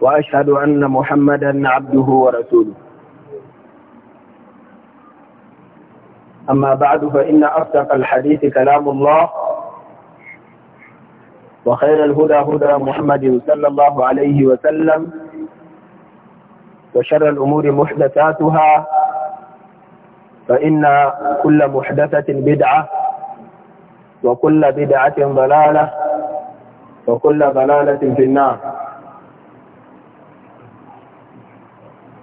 وأشهد أن محمدا عبده ورسوله أما بعد فإن أصدق الحديث كلام الله وخير الهدى هدى محمد صلى الله عليه وسلم وشر الأمور محدثاتها فإن كل محدثة بدعة وكل بدعة ضلالة وكل ضلالة في النار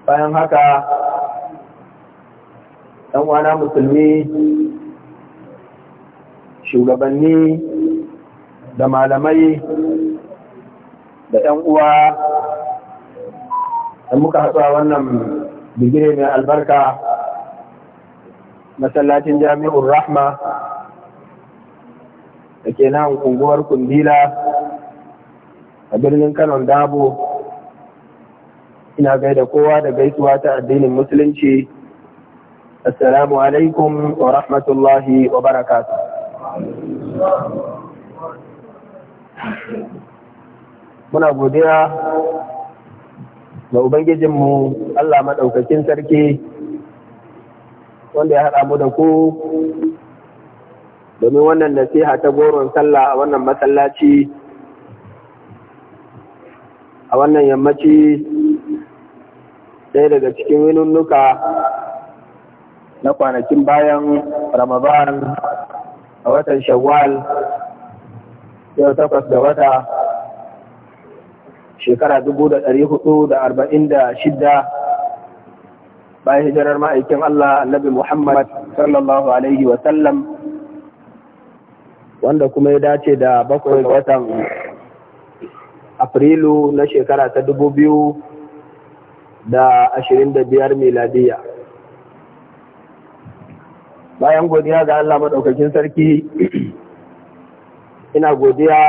bayan haka ɗan wana musulmi shugabanni da malamai da ɗan uwa da muka haɗu a wannan bigire mai albarka masallacin jami'ur rahma da ke nan kunguwar kundila a birnin kanon dabo ina gaida kowa da gaisuwa ta addinin musulunci assalamu alaikum wa rahmatullahi wa barakatu muna godiya ga ubangijinmu allah maɗaukakin sarki wanda ya haɗa mu da ku domin wannan nasiha ta goron sallah a wannan masallaci a wannan yammaci ɗaya daga cikin winunnuka na kwanakin bayan Ramadan a watan Shawwal yau takwas da wata shekara dubu da ɗari hudu da arba'in da shidda bayan hijirar ma'aikin Allah annabi Muhammad sallallahu alaihi wasallam wanda kuma ya dace da bakwai watan Afrilu na shekara ta dubu biyu da ashirin da biyar miladiya bayan godiya ga Allah maɗaukakin sarki ina godiya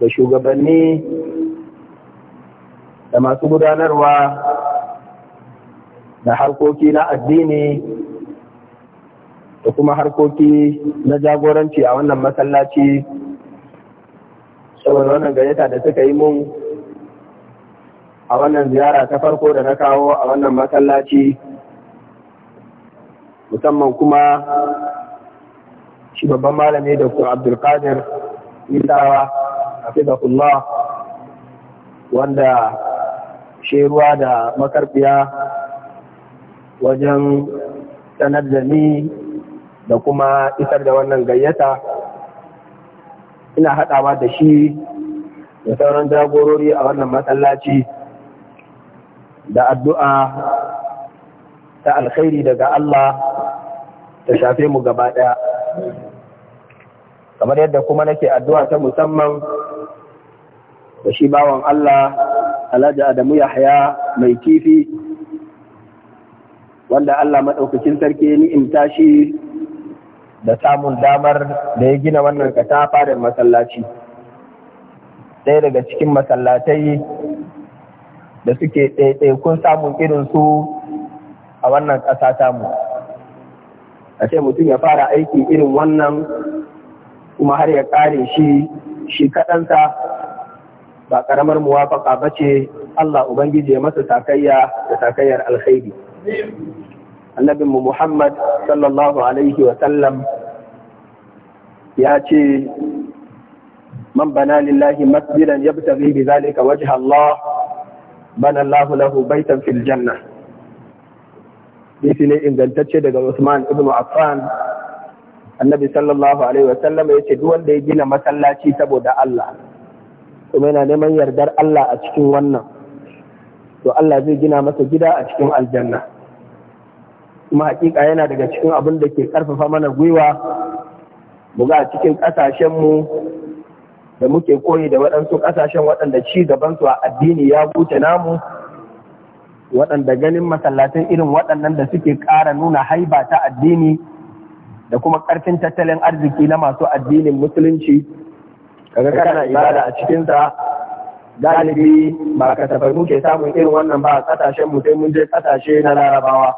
da shugabanni da masu gudanarwa da harkoki na addini da kuma harkoki na jagoranci a wannan masallaci saboda wannan gayyata da suka yi mun a wannan ziyara ta farko da na kawo a wannan masallaci musamman kuma shi babban malami da ku abdulkadir isawa a fidahullah wanda shi ruwa da makarfiya wajen sanar da ni da kuma isar da wannan gayyata ina haɗawa da shi da sauran jagorori a wannan matsalaci da addu'a ta alkhairi daga Allah ta shafe mu gaba ɗaya. Kamar yadda kuma nake addu'a ta musamman da shi bawan Allah Alhaji Adamu Yahya mai kifi wanda Allah maɗaukakin sarki ni in tashi, da samun damar da ya gina wannan katafa da masallaci. Ɗaya daga cikin masallatai da suke kun samun irin su a wannan ƙasa tamu a ce mutum ya fara aiki irin wannan kuma har ya ƙare shi shi kaɗansa ba ƙaramar muwafaƙa ba ce Allah Ubangiji ya masa takayya da takayyar alkhairi. Annabinmu Muhammad sallallahu Alaihi sallam, ya ce, Man bana lillahi masjidan ya bi zalika wajha Allah bana Allah lahu baitan fil janna bisi ne ingantacce daga Usman ibn Affan annabi sallallahu alaihi wasallam ya duk wanda ya gina masallaci saboda Allah kuma yana neman yardar Allah a cikin wannan to Allah zai gina masa gida a cikin aljanna kuma hakika yana daga cikin abin da ke karfafa mana gwiwa buga ga cikin mu da muke koyi da waɗansu ƙasashen waɗanda ci gabansu a addini ya buce namu waɗanda ganin masallatan irin waɗannan da suke ƙara nuna haiba ta addini da kuma ƙarfin tattalin arziki na masu addinin musulunci kaga kana ibada a cikinsa galibi ba kasafai muke samun irin wannan ba a ƙasashen mu sai mun je ƙasashe na larabawa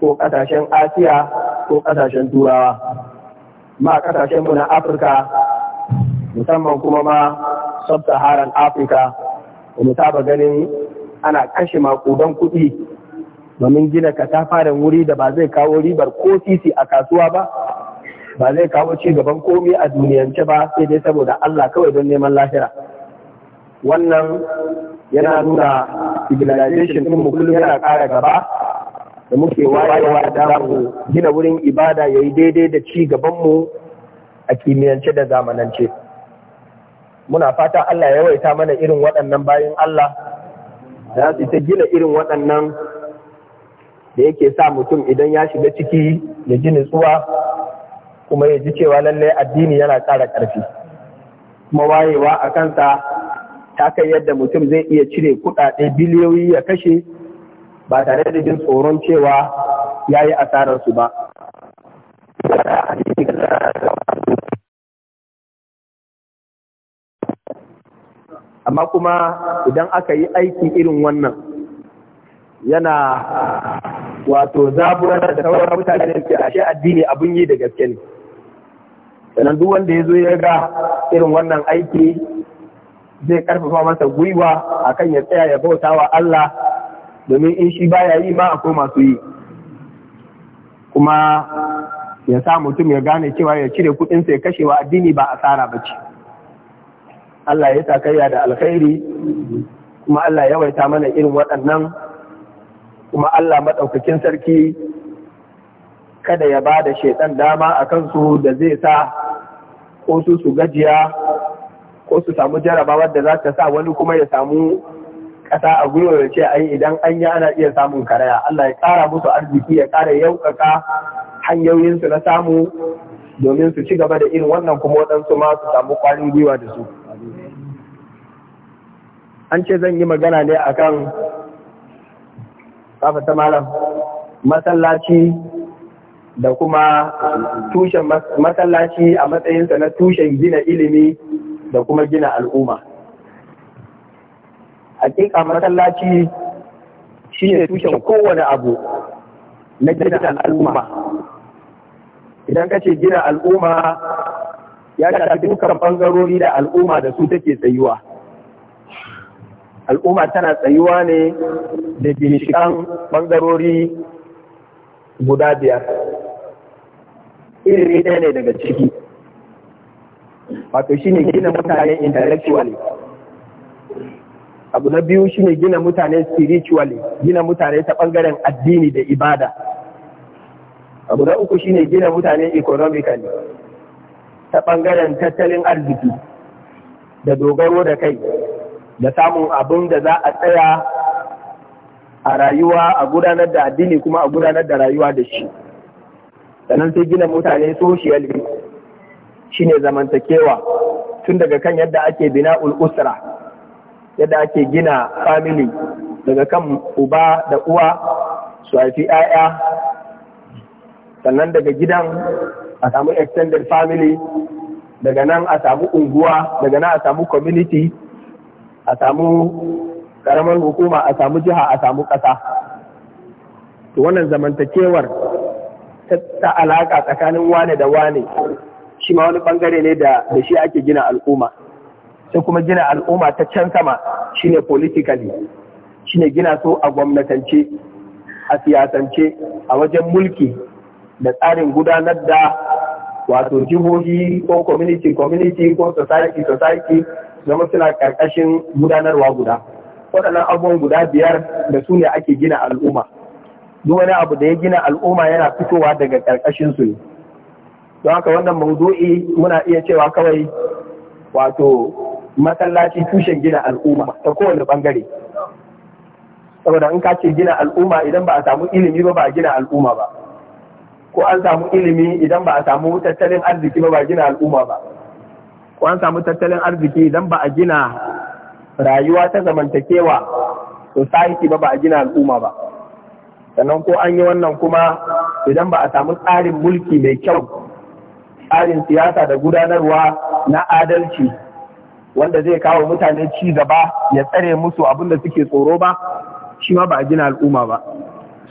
ko ƙasashen asiya ko ƙasashen turawa ma ƙasashen mu na afirka musamman kuma ma sub-saharan Afirka wani taba ganin ana kashe makudan kuɗi domin gina katafaren wuri da ba zai kawo ribar ko titi a kasuwa ba ba zai kawo ci gaban komi a duniyance ba sai dai saboda Allah kawai don neman lahira wannan yana nuna civilization din mu kullum yana ƙara gaba da muke wayewa da mu gina wurin ibada yayi daidai da ci gaban mu a kimiyyance da zamanance. muna fata Allah ya yawaita mana irin waɗannan bayan Allah za su ta gina irin waɗannan da yake sa mutum idan ya shiga ciki ya ji nutsuwa kuma ya ji cewa lallai addini yana ƙara ƙarfi kuma wayewa a kansa ta kai yadda mutum zai iya cire kuɗaɗe biliyoyi ya kashe ba tare da jin tsoron cewa ya yi asararsu ba. amma kuma idan aka yi aiki irin wannan yana wato zaburar da sauran mutane da ke ashe addini abin yi da gaske ne sannan duk wanda ya zo ya ga irin wannan aiki zai karfafa masa gwiwa a kan ya tsaya ya bauta wa Allah domin in shi baya yi ma akwai masu yi kuma ya sa mutum ya gane cewa ya cire kuɗinsa ya kashe wa addini ba asara ba ce Allah ya takayya da alkhairi kuma Allah ya waita mana irin waɗannan kuma Allah maɗaukakin sarki kada ya ba da shaiɗan dama a kansu da zai sa ko su su gajiya ko su samu jarabawar da za ta sa wani kuma ya samu ƙasa a gwiwa ya ce ai idan an yi ana iya samun karaya Allah ya ƙara musu arziki ya ƙara yauƙaƙa hanyoyinsu na samu domin su ci gaba da irin wannan kuma waɗansu ma su samu ƙwarin gwiwa da su. an ce zan yi magana ne akan kan ta malam masallaci da kuma tushen masallaci a matsayinsa na tushen gina ilimi da kuma gina al'umma hakika masallaci shi ne tushen kowane abu na gina al'umma idan ka ce gina al'umma ya shafi dukkan bangarori da al'umma da su take tsayuwa al'umma tana tsayuwa ne da binciken bangarori guda biyar iri ɗaya ne daga ciki wato shine gina mutane intellectually abu na biyu shine gina mutane spiritually gina mutane ta bangaren addini da ibada abu na uku shine gina mutane economically ta bangaren tattalin arziki da dogaro da kai da samun abin da za a tsaya a rayuwa a gudanar da addini kuma a gudanar da rayuwa da shi sannan sai gina mutane social shine zamantakewa tun daga kan yadda ake bina ul'usra yadda ake gina family daga kan uba da uwa su haifi 'ya'ya sannan daga gidan a samu extended family daga nan a samu unguwa daga nan a samu community a samu karamar hukuma a samu jiha a samu ƙasa to wannan zamantakewar ta alaƙa tsakanin wane da wane shi ma wani ɓangare ne da shi ake gina al'umma sai kuma gina al'umma ta can sama shine politically shine gina so a gwamnatance a siyasance a wajen mulki da tsarin gudanar da wato jihohi ko community community ko society society zama suna karkashin gudanarwa guda waɗannan abubuwan guda biyar da su ne ake gina al'umma duk wani abu da ya gina al'umma yana fitowa daga karkashin su ne don haka wannan mawdu'i muna iya cewa kawai wato masallaci tushen gina al'umma ta kowane bangare saboda in ka ce gina al'umma idan ba a samu ilimi ba ba a gina al'umma ba ko an samu ilimi idan ba a samu tattalin arziki ba ba gina al'umma ba ko an samu tattalin arziki idan ba a gina rayuwa ta zamantakewa society ba ba a gina al'umma ba sannan ko an yi wannan kuma idan ba a samu tsarin mulki mai kyau tsarin siyasa da gudanarwa na adalci wanda zai kawo mutane ci gaba ya tsare musu abin da suke tsoro ba shi ma ba a gina al'umma ba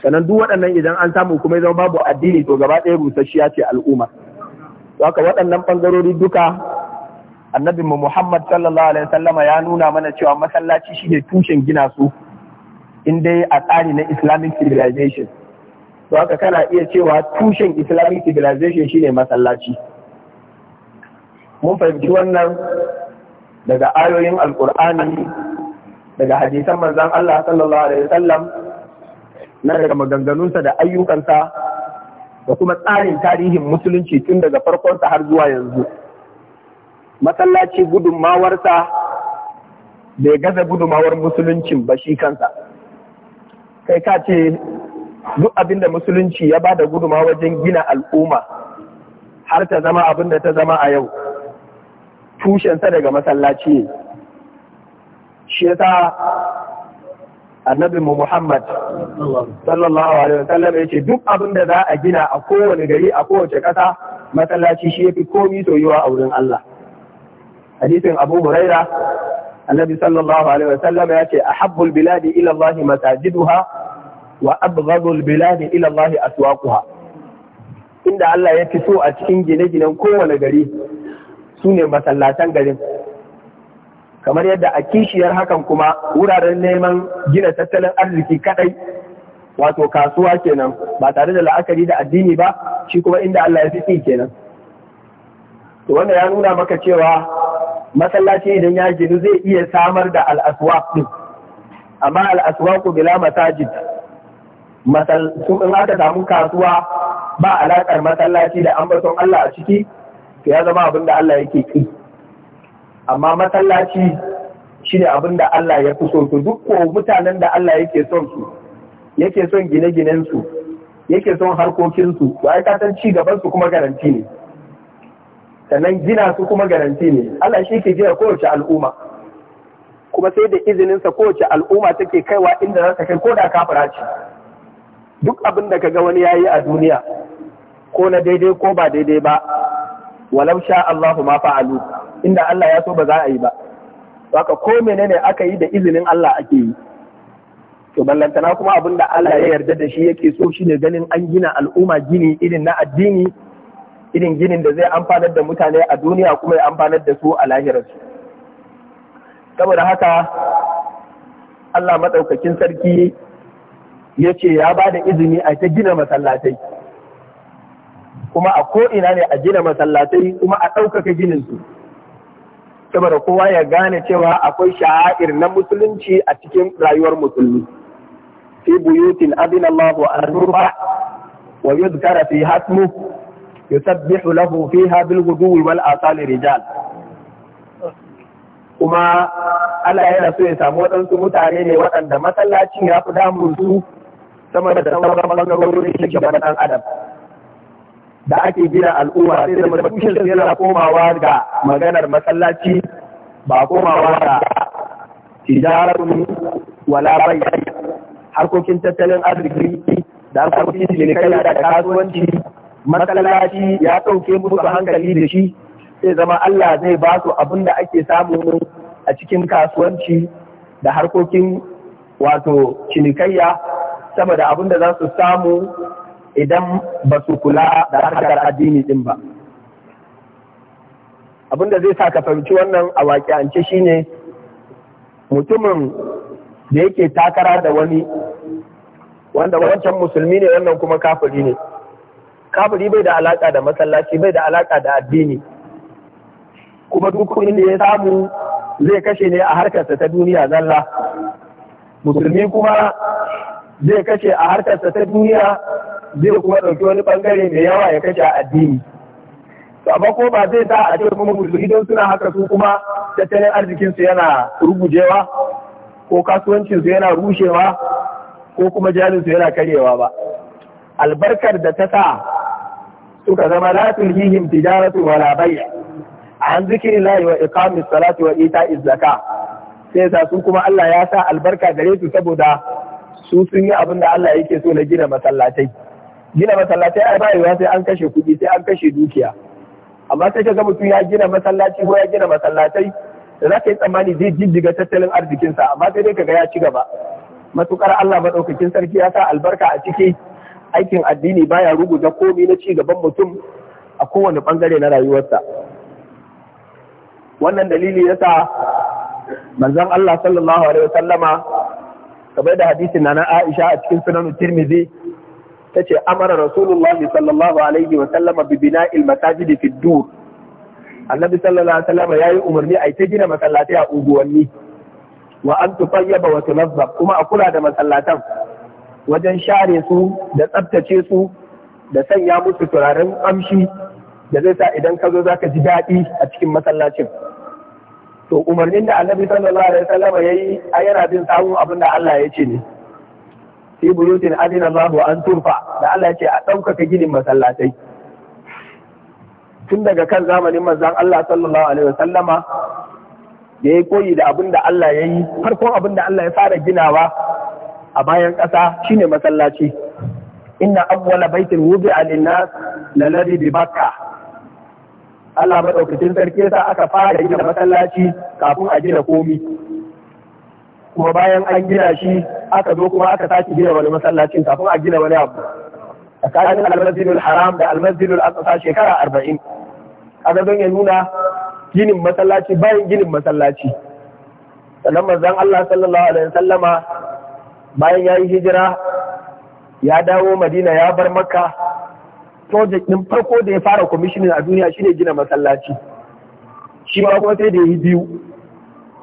sannan duk waɗannan idan an samu kuma zama babu addini to gaba ɗaya rusasshiya ce al'umma haka waɗannan ɓangarori duka annabi mu Muhammad sallallahu alaihi wasallama ya nuna mana cewa masallaci shine tushen gina su in dai a tsari na Islamic civilization to haka kana iya cewa tushen Islamic civilization shine masallaci mun fahimci wannan daga ayoyin alkur'ani daga hadisan manzon Allah sallallahu alaihi wasallam na daga maganganunsa da ayyukansa da kuma tsarin tarihin musulunci tun daga farkonsa har zuwa yanzu. masallaci gudunmawarsa bai gaza gudunmawar musuluncin ba shi kansa kai ka ce duk abin da musulunci ya ba da guduma wajen gina al'umma har ta zama abin da ta zama a yau tushensa daga masallaci ne shi ta annabi Muhammad sallallahu alaihi wasallam ce duk abin da za a gina a kowane gari a kowace ƙasa masallaci shi ya fi komi soyuwa a wurin Allah hadisin abu huraira annabi sallallahu alaihi wa sallam ya ce ahabbul biladi ila Allah masajiduha wa abghadul biladi ila Allah aswaquha inda Allah ya fi so a cikin gine-ginen kowane gari su masallatan garin kamar yadda a kishiyar hakan kuma wuraren neman gina tattalin arziki kadai wato kasuwa kenan ba tare da la'akari da addini ba shi kuma inda Allah ya fi kenan to wanda ya nuna maka cewa masallaci idan ya gidu zai iya samar da al'aswaq din amma al'aswaqu bila masajid masal in aka samu kasuwa ba alaƙar masallaci da ambaton Allah a ciki to ya zama abin da Allah yake ki amma masallaci shine abin da Allah ya fi so to duk ko mutanen da Allah yake son su yake son gine-ginen su yake son harkokin su to ai ka san ci gaban su kuma garanti ne sannan gina su kuma garanti ne Allah shi ke gina kowace al'umma kuma sai da izininsa kowace al'umma take kaiwa inda za ta kai ko da kafira ce duk abin da kaga wani yayi a duniya ko na daidai ko ba daidai ba walau sha Allahu ma fa'alu inda Allah ya so ba za a yi ba haka ko menene aka yi da izinin Allah ake yi to ballantana kuma abin da Allah ya yarda da shi yake so shine ganin an gina al'umma gini irin na addini irin ginin da zai amfanar da mutane a duniya kuma ya amfanar da su a lahirarsu saboda haka Allah maɗaukakin sarki ya ce ya ba da izini a ta gina masallatai kuma a ko'ina ne a gina masallatai kuma a ɗaukaka su. saboda kowa ya gane cewa akwai sha'air na musulunci a cikin rayuwar musulmi fi buyutin abin Allah wa yadda fi hasmu yusabbihu lahu fiha bil guduwi wal asali rijal kuma Allah yana so ya samu waɗansu mutane ne waɗanda masallaci ya fi damun su sama da sauran bangarorin shugaban ɗan adam da ake gina al'umma sai da mutum yana komawa ga maganar masallaci ba komawa ga tijararun wala bai harkokin tattalin arziki da harkokin cinikayya da kasuwanci masallaci ya ɗauke musu hankali da shi sai zama Allah zai ba su abin da ake samu a cikin kasuwanci da harkokin wato cinikayya sama da abin da za su samu idan ba su kula da harkar addini din ba. Abin da zai sa ka fahimci wannan a waƙiyance ne mutumin da yake takara da wani wanda wancan musulmi ne wannan kuma kafiri ne. kafiri bai da alaƙa da masallaci bai da alaƙa da addini kuma duk da ya samu zai kashe ne a harkarsa ta duniya zalla musulmi kuma zai kashe a harkarsa ta duniya zai kuma ɗauki wani ɓangare mai yawa ya kashe a addini To amma ko ba zai sa a ce kuma musulmi don suna haka su kuma tattalin arzikinsu yana rugujewa ko kasuwancinsu yana rushewa ko kuma jalinsu yana karyewa ba albarkar da ta sa suka zama latin tulhihim tijaratu wala bay' an zikrillahi wa iqamis salati wa ita'iz zaka sai sa su kuma Allah ya sa albarka gare su saboda su sun yi abin da Allah yake so na gina masallatai gina masallatai ai bayuwa sai an kashe kuɗi sai an kashe dukiya amma sai ga mutum ya gina masallaci ko ya gina masallatai da za ka yi tsammani zai jijjiga tattalin arzikinsa amma sai dai kaga ya ci gaba matukar Allah Madaukakin sarki ya sa albarka a ciki aikin addini baya da komi na ci gaban mutum a kowane bangare na rayuwarsa wannan dalili yasa manzon Allah sallallahu alaihi wasallama kamar da hadisin na na Aisha a cikin sunan Tirmidhi tace amara Rasulullah sallallahu alaihi wasallama bi bina'il masajid fi dur Annabi sallallahu alaihi wasallama yi umarni a ta gina masallatai a unguwanni wa an tufayyaba wa tunazzab kuma a kula da masallatan wajen share su da tsabtace su da sanya musu turaren amshi da zai sa idan ka zo za ka ji daɗi a cikin masallacin. To umarnin da annabi sallallahu alaihi wasallam ya yi a yana bin samun abin da Allah ya ce ne. Fi buyutin adina Allahu an turfa da Allah ya ce a ɗaukaka ginin masallatai. Tun daga kan zamanin manzon Allah sallallahu alaihi wasallama ya yi koyi da abin da Allah ya yi farkon abin da Allah ya fara ginawa a bayan ƙasa shine masallaci inna awwala baitin wubi alinnas na Ladi bi bakka Allah madaukakin sarki sa aka fara gina masallaci kafin a gina komi kuma bayan an gina shi aka zo kuma aka sake gina wani masallacin kafin a gina wani abu tsakanin almasjidul haram da almasjidul aqsa shekara arba'in kaga don ya nuna ginin masallaci bayan ginin masallaci sannan manzon Allah sallallahu alaihi wasallama bayan ya yi hijira ya dawo madina ya bar makka project ɗin farko da ya fara kwamishinin a duniya shine gina masallaci shi ma kuma sai da ya yi biyu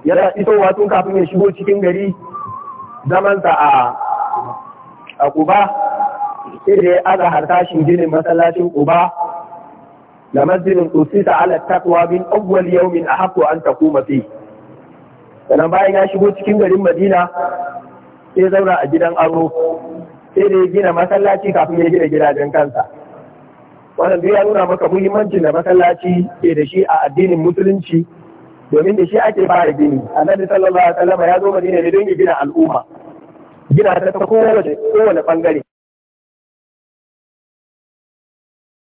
Ya da isowa tun kafin ya shigo cikin gari zamansa a a kuba sai da ya aza harkashin ginin masallacin kuba da masjidin usisa ala yau min a yawmin ahaqqu an taquma sai. sannan bayan ya shigo cikin garin madina sai zauna a gidan aro sai da ya gina masallaci kafin ya gina gidajen kansa wannan duk ya nuna maka muhimmancin da masallaci ke da shi a addinin musulunci domin da shi ake fara gini annabi sallallahu alaihi wasallam ya zo madina ne don ya gina al'umma gina ta ta kowane kowane bangare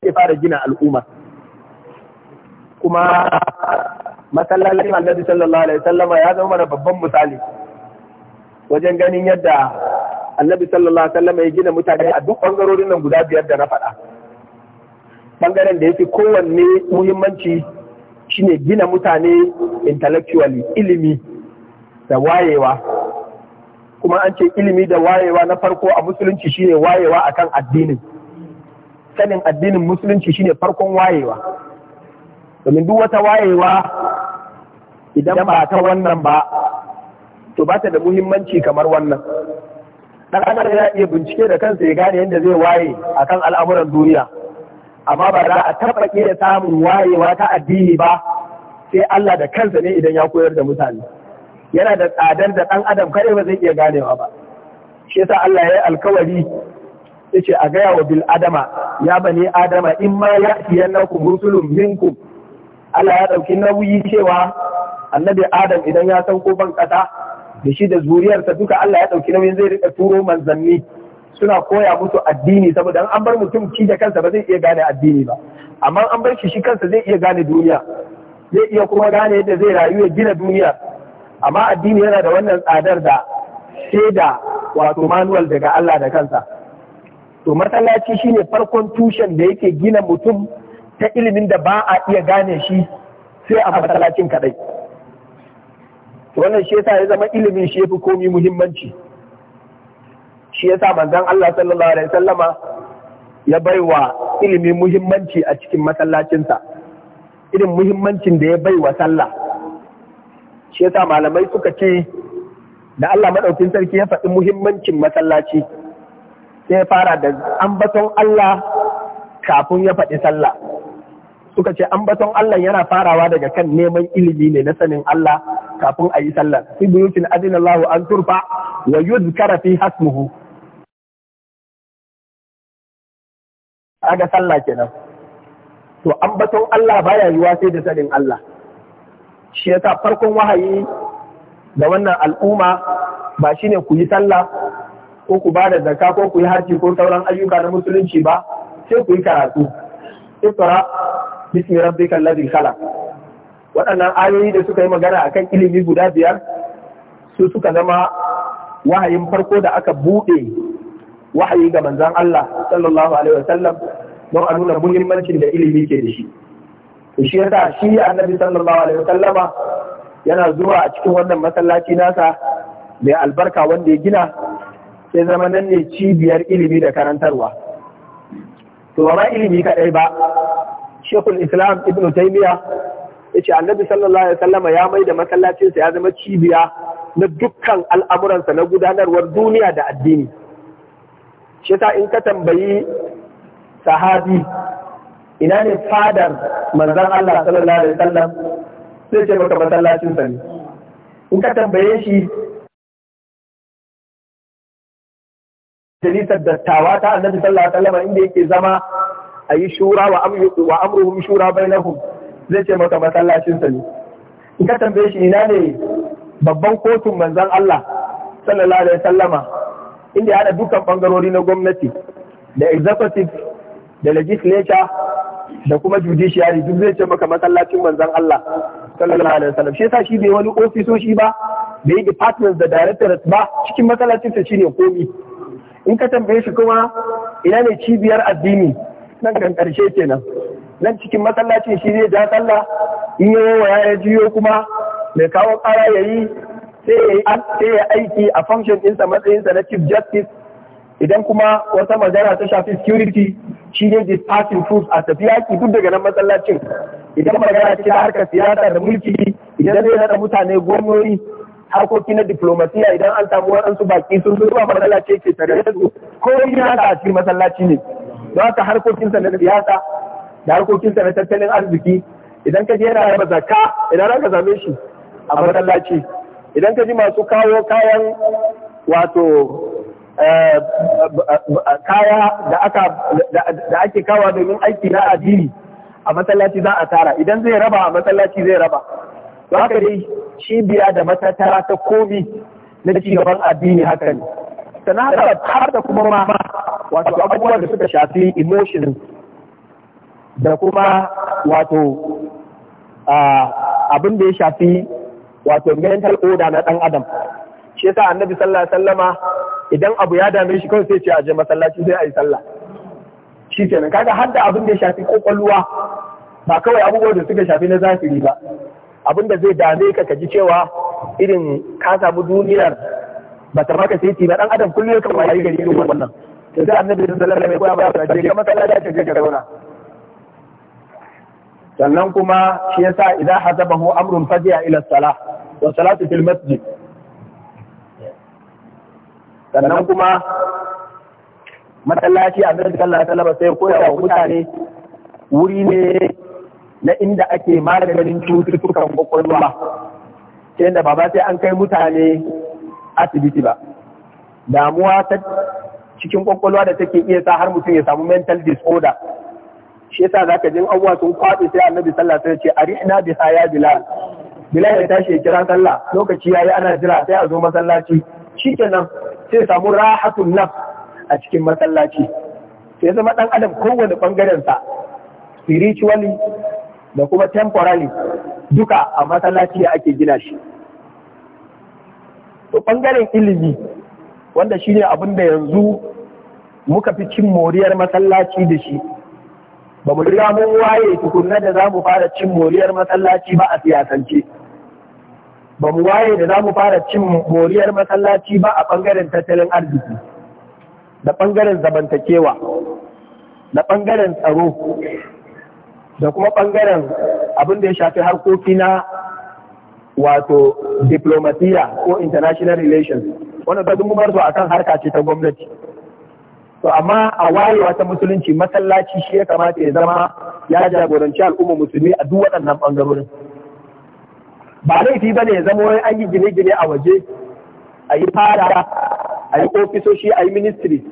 ya fara gina al'umma kuma masallaci annabi sallallahu alaihi wasallam ya zama mana babban misali wajen ganin yadda annabi sallallahu alaihi wasallam ya gina mutane a duk bangarorin nan guda biyar da na faɗa bangaren da ya fi kowanne muhimmanci shine gina mutane intellectually ilimi da wayewa kuma an ce ilimi da wayewa na farko a musulunci shine wayewa akan addinin sanin addinin musulunci shine farkon wayewa domin duk wata wayewa idan ba ta wannan ba to ba ta da muhimmanci kamar wannan dan adam ya iya bincike da kansa ya gane yadda zai waye akan al'amuran duniya amma ba za a taɓa iya samun wayewa ta addini ba sai Allah da kansa ne idan ya koyar da mutane yana da tsadar da ɗan adam kare ba zai iya ganewa ba shi yasa Allah ya yi alkawari ce a gaya wa bil adama ya bani adama in ma ya tiyannakum rusulun minkum Allah ya ɗauki nauyi cewa annabi Adam idan ya san ko ban ƙasa da shi da zuriyarsa duka Allah ya ɗauki nauyin zai rika turo manzanni suna koya musu addini saboda an bar mutum shi da kansa ba zai iya gane addini ba amma an bar shi shi kansa zai iya gane duniya zai iya kuma gane yadda zai rayu ya gina duniya amma addini yana da wannan tsadar da shaida wato manual daga Allah da kansa to masallaci shine farkon tushen da yake gina mutum ta ilimin da ba a iya gane shi sai a matsalacin kadai wannan shi yasa ya zama ilimi shi yafi komi muhimmanci shi yasa manzon Allah sallallahu alaihi wasallama ya baiwa ilimi muhimmanci a cikin masallacinsa irin muhimmancin da ya baiwa sallah shi yasa malamai suka ce da Allah madaukin sarki ya faɗi muhimmancin masallaci sai ya fara da ambaton Allah kafin ya faɗi sallah suka ce ambaton Allah yana farawa daga kan neman ilimi ne na sanin Allah kafin a yi sallar fi buyutin adinallahu an turfa wa yuzkara fi hasmuhu aga sallah kenan to ambaton Allah baya yiwa sai da sanin Allah shi yasa farkon wahayi da wannan al'umma ba shine ku yi sallah ko ku ba da zakka ko ku yi harci ko sauran ayyuka na musulunci ba sai ku yi karatu اقرأ bismi rabbikal الذي khalaq waɗannan ayoyi da suka yi magana akan ilimi guda biyar su suka zama wahayin farko da aka buɗe wahayi ga manzan Allah sallallahu alaihi wasallam don a nuna muhimmancin da ilimi ke da shi to shi yasa shi annabi sallallahu alaihi wasallama yana zuwa a cikin wannan masallaci nasa mai albarka wanda ya gina sai zama nan ne cibiyar ilimi da karantarwa to ba ilimi kaɗai ba shekul islam ibn taymiya yace annabi sallallahu alaihi wasallam ya mai da masallacin sa ya zama cibiya na dukkan al'amuransa na gudanarwar duniya da addini shi yasa in ka tambayi sahabi ina ne fadar manzon Allah sallallahu alaihi wasallam sai ce maka masallacin sa ne in ka tambaye shi jalisar dattawa ta annabi sallallahu alaihi wasallam inda yake zama a yi shura wa amruhum shura bainahum zai ce maka masallacinsa ne in ka tambaye shi ina ne babban kotun manzon Allah sallallahu alaihi wasallama inda ya haɗa dukkan bangarori na gwamnati da executive da legislature da kuma judiciary duk zai ce maka masallacin manzon Allah sallallahu alaihi wasallam shi yasa shi bai wani ofisoshi ba bai yi departments da directors ba cikin masallacin ta shine komi in ka tambaye shi kuma ina ne cibiyar addini nan kan karshe kenan nan cikin masallacin shi zai ja sallah in yi wa ya jiyo kuma mai kawo kara ya yi sai ya aiki a function ɗinsa matsayinsa na chief justice idan kuma wata magana ta shafi security shi ne dispatching proof a tafi yaki duk daga nan masallacin idan magana ce ta harkar siyasa da mulki idan zai nada mutane gwamnoni harkoki na diplomasiya idan an samu waɗansu baki sun zuwa masallaci ke tare da su ko ina a cikin masallaci ne don haka harkokinsa na siyasa da harkokinsa na tattalin arziki idan ka je yana raba zaka, idan za ka same shi a masallaci idan ka ji masu kawo kayan wato eh, kaya da ake kawo domin aiki na addini a masallaci za a tara idan zai raba a masallaci zai raba don haka dai cibiya da matattara ta komi na ci gaban addini haka ne sannan haka har da kuma ma wato abubuwan da suka shafi emotions da kuma wato abin da ya shafi wato mental order na ɗan adam shi yasa annabi sallallahu alaihi wasallama idan abu ya dame shi kawai sai ce a je masallaci sai a yi sallah shi kenan kaga har da abin da ya shafi kokolwa ba kawai abubuwan da suka shafi na zahiri ba abin da zai dame ka kaji cewa irin ka samu duniyar ba ta maka sai ba dan adam kullum kan yi gari irin wannan sai annabi sallallahu alaihi wasallam ya koya ba ta je masallaci ta je ka zauna sannan kuma shi yasa idan hazabahu amrun fajiya ila salah wa salatu fil masjid sannan kuma masallaci a zai kalla laba sai koya wa mutane wuri ne na inda ake maganin cututtukan kwakwalwa ta yadda ba sai an kai mutane asibiti ba damuwa ta cikin kwakwalwa da take iya sa har mutum ya samu mental disorder shi yasa zaka jin abuwa sun kwaɗe sai annabi sallah sai ce arihna biha ya bilal bilal ya tashi ya kira sallah lokaci ya yi ana jira sai a zo masallaci shikenan sai samu rahatun nan a cikin masallaci sai zama ɗan adam kowane bangaren sa spiritually da kuma temporally duka a masallaci ake gina shi to bangaren ilimi wanda shine abin da yanzu muka fi cin moriyar masallaci da shi ba mu riga mun waye tukunna da za mu fara cin moriyar masallaci ba a siyasance ba mu waye da za mu fara cin moriyar masallaci ba a ɓangaren tattalin arziki da ɓangaren zabantakewa, da ɓangaren tsaro da kuma ɓangaren abin da ya shafi harkoki na wato diplomatiya ko international relations wanda ta dumbar su akan harka ce ta gwamnati to amma a wayewa ta musulunci masallaci shi ya kamata ya zama ya jagoranci al'umma musulmi a duk waɗannan ɓangarorin ba laifi ba ne ya zama wani an yi gine-gine a waje a yi fara a yi ofisoshi a yi ministry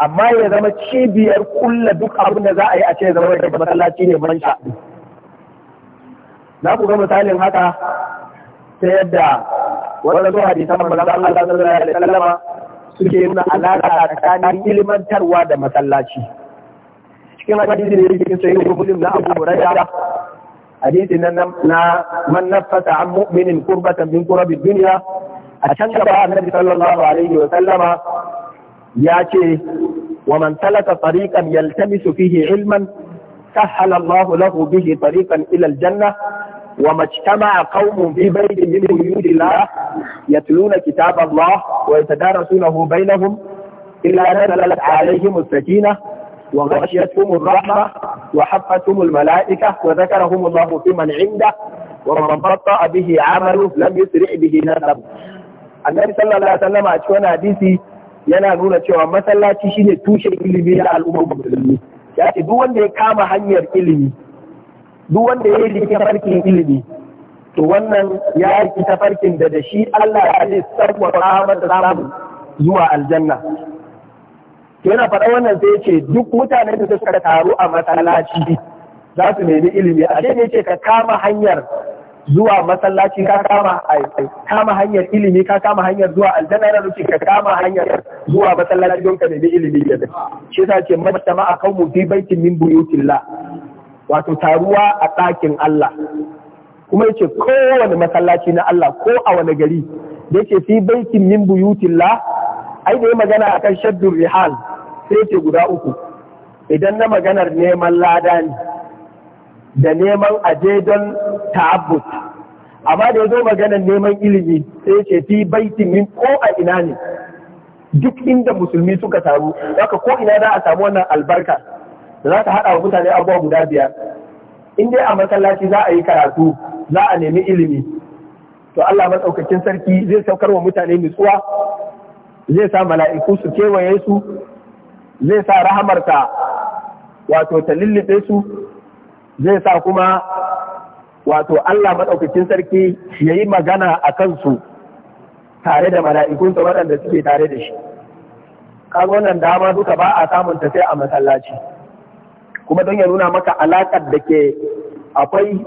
amma ya zama cibiyar kulla duk abin da za a yi a ce ya zama da masallaci ne man sha na ku ga misalin haka ta yadda wani zuwa hadisan Allah sallallahu alaihi wasallam suke nuna alaƙa tsakanin ilmantarwa da masallaci cikin hadisi da yake sai muslim na Abu Hurairah hadisi na na man nafasa an mu'minin qurbatan min qurabi dunya a can gaba annabi sallallahu alaihi wa sallama ya ce wa man talaka tariqan yaltamisu fihi ilman سهل الله له به طريقا إلى janna. وما اجتمع قوم في بيت من بيوت الله يتلون كتاب الله ويتدارسونه بينهم إلا نزلت عليهم السكينة وغشيتهم الرحمة وحفتهم الملائكة وذكرهم الله في من عنده ومن بطأ به عمله لم يسرع به نسبه annabi sallallahu alaihi wasallam a cikin hadisi yana nuna cewa masallaci shine tushen ilimi na al'ummar musulmi ya ce duk wanda ya kama hanyar ilimi duk wanda ya yi farkin ilimi to wannan ya yi farkin da da shi Allah ya ce sarwa rahmat da samu zuwa aljanna to yana faɗa wannan sai ce duk mutanen da suka taru a masallaci za su nemi ilimi a ne ce ka kama hanyar zuwa masallaci ka kama kama hanyar ilimi ka kama hanyar zuwa aljanna yana nufi ka kama hanyar zuwa masallaci don ka nemi ilimi da shi yasa ce majtama'a qaumu fi baitin min buyutillah wato taruwa a ɗakin Allah kuma yace kowane masallaci na Allah ko a wani gari da yake fi baikin min buyutillah ai da yi magana akan shaddur rihal sai ce guda uku idan na maganar neman lada ne da neman aje don ta'abbut amma da ya zo maganar neman ilimi sai yace fi baikin min ko a ina ne duk inda musulmi suka taru haka ko ina za a samu wannan albarka za ta haɗa wa mutane abuwa guda biyar in dai a masallaci za a yi karatu za a nemi ilimi to Allah matsaukacin sarki zai saukar wa mutane nutsuwa zai sa mala'iku su kewaye su zai sa rahamarta wato ta lullube su zai sa kuma wato Allah maɗaukakin sarki ya yi magana a kansu tare da mala'ikunsa waɗanda suke tare da shi. Kaga wannan dama duka ba a samun ta sai a masallaci. kuma don ya nuna maka alaƙar da ke akwai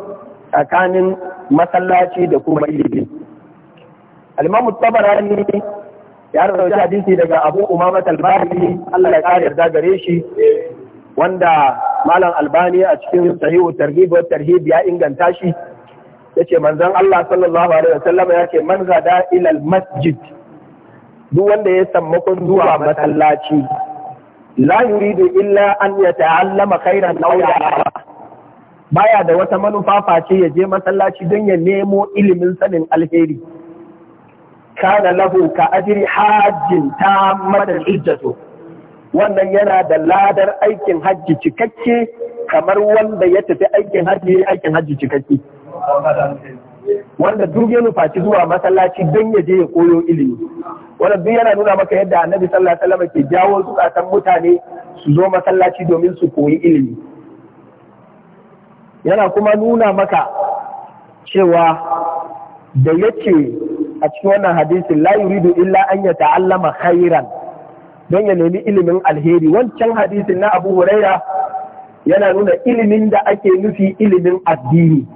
tsakanin masallaci da kuma ilimi Alimamu tabarani ya rarrauci hadisi daga Abu Umama al Allah ya kare yarda gare shi wanda malam Albani a cikin sahihu targhib wa ya inganta shi yace manzon Allah sallallahu alaihi wasallam yace man gada ila masjid duk wanda ya sammakon zuwa masallaci la yuridu illa an yata'allama khairan aw ya'lamu baya da wata manufa face ya je masallaci don ya nemo ilimin sanin alheri kana lahu ka ajri hajjin madal hijjatu wannan yana da ladar aikin hajji cikakke kamar wanda ya tafi aikin hajji aikin hajji cikakke wanda duk ya nufaci zuwa masallaci don ya je ya koyo ilimi wannan duk yana nuna maka yadda annabi sallallahu alaihi wasallam ke jawo zukatan mutane su zo masallaci domin su koyi ilimi yana kuma nuna maka cewa da yace a cikin wannan hadisin la yuridu illa an ya ta'allama khairan don ya nemi ilimin alheri wancan hadisin na Abu Huraira yana nuna ilimin da ake nufi ilimin addini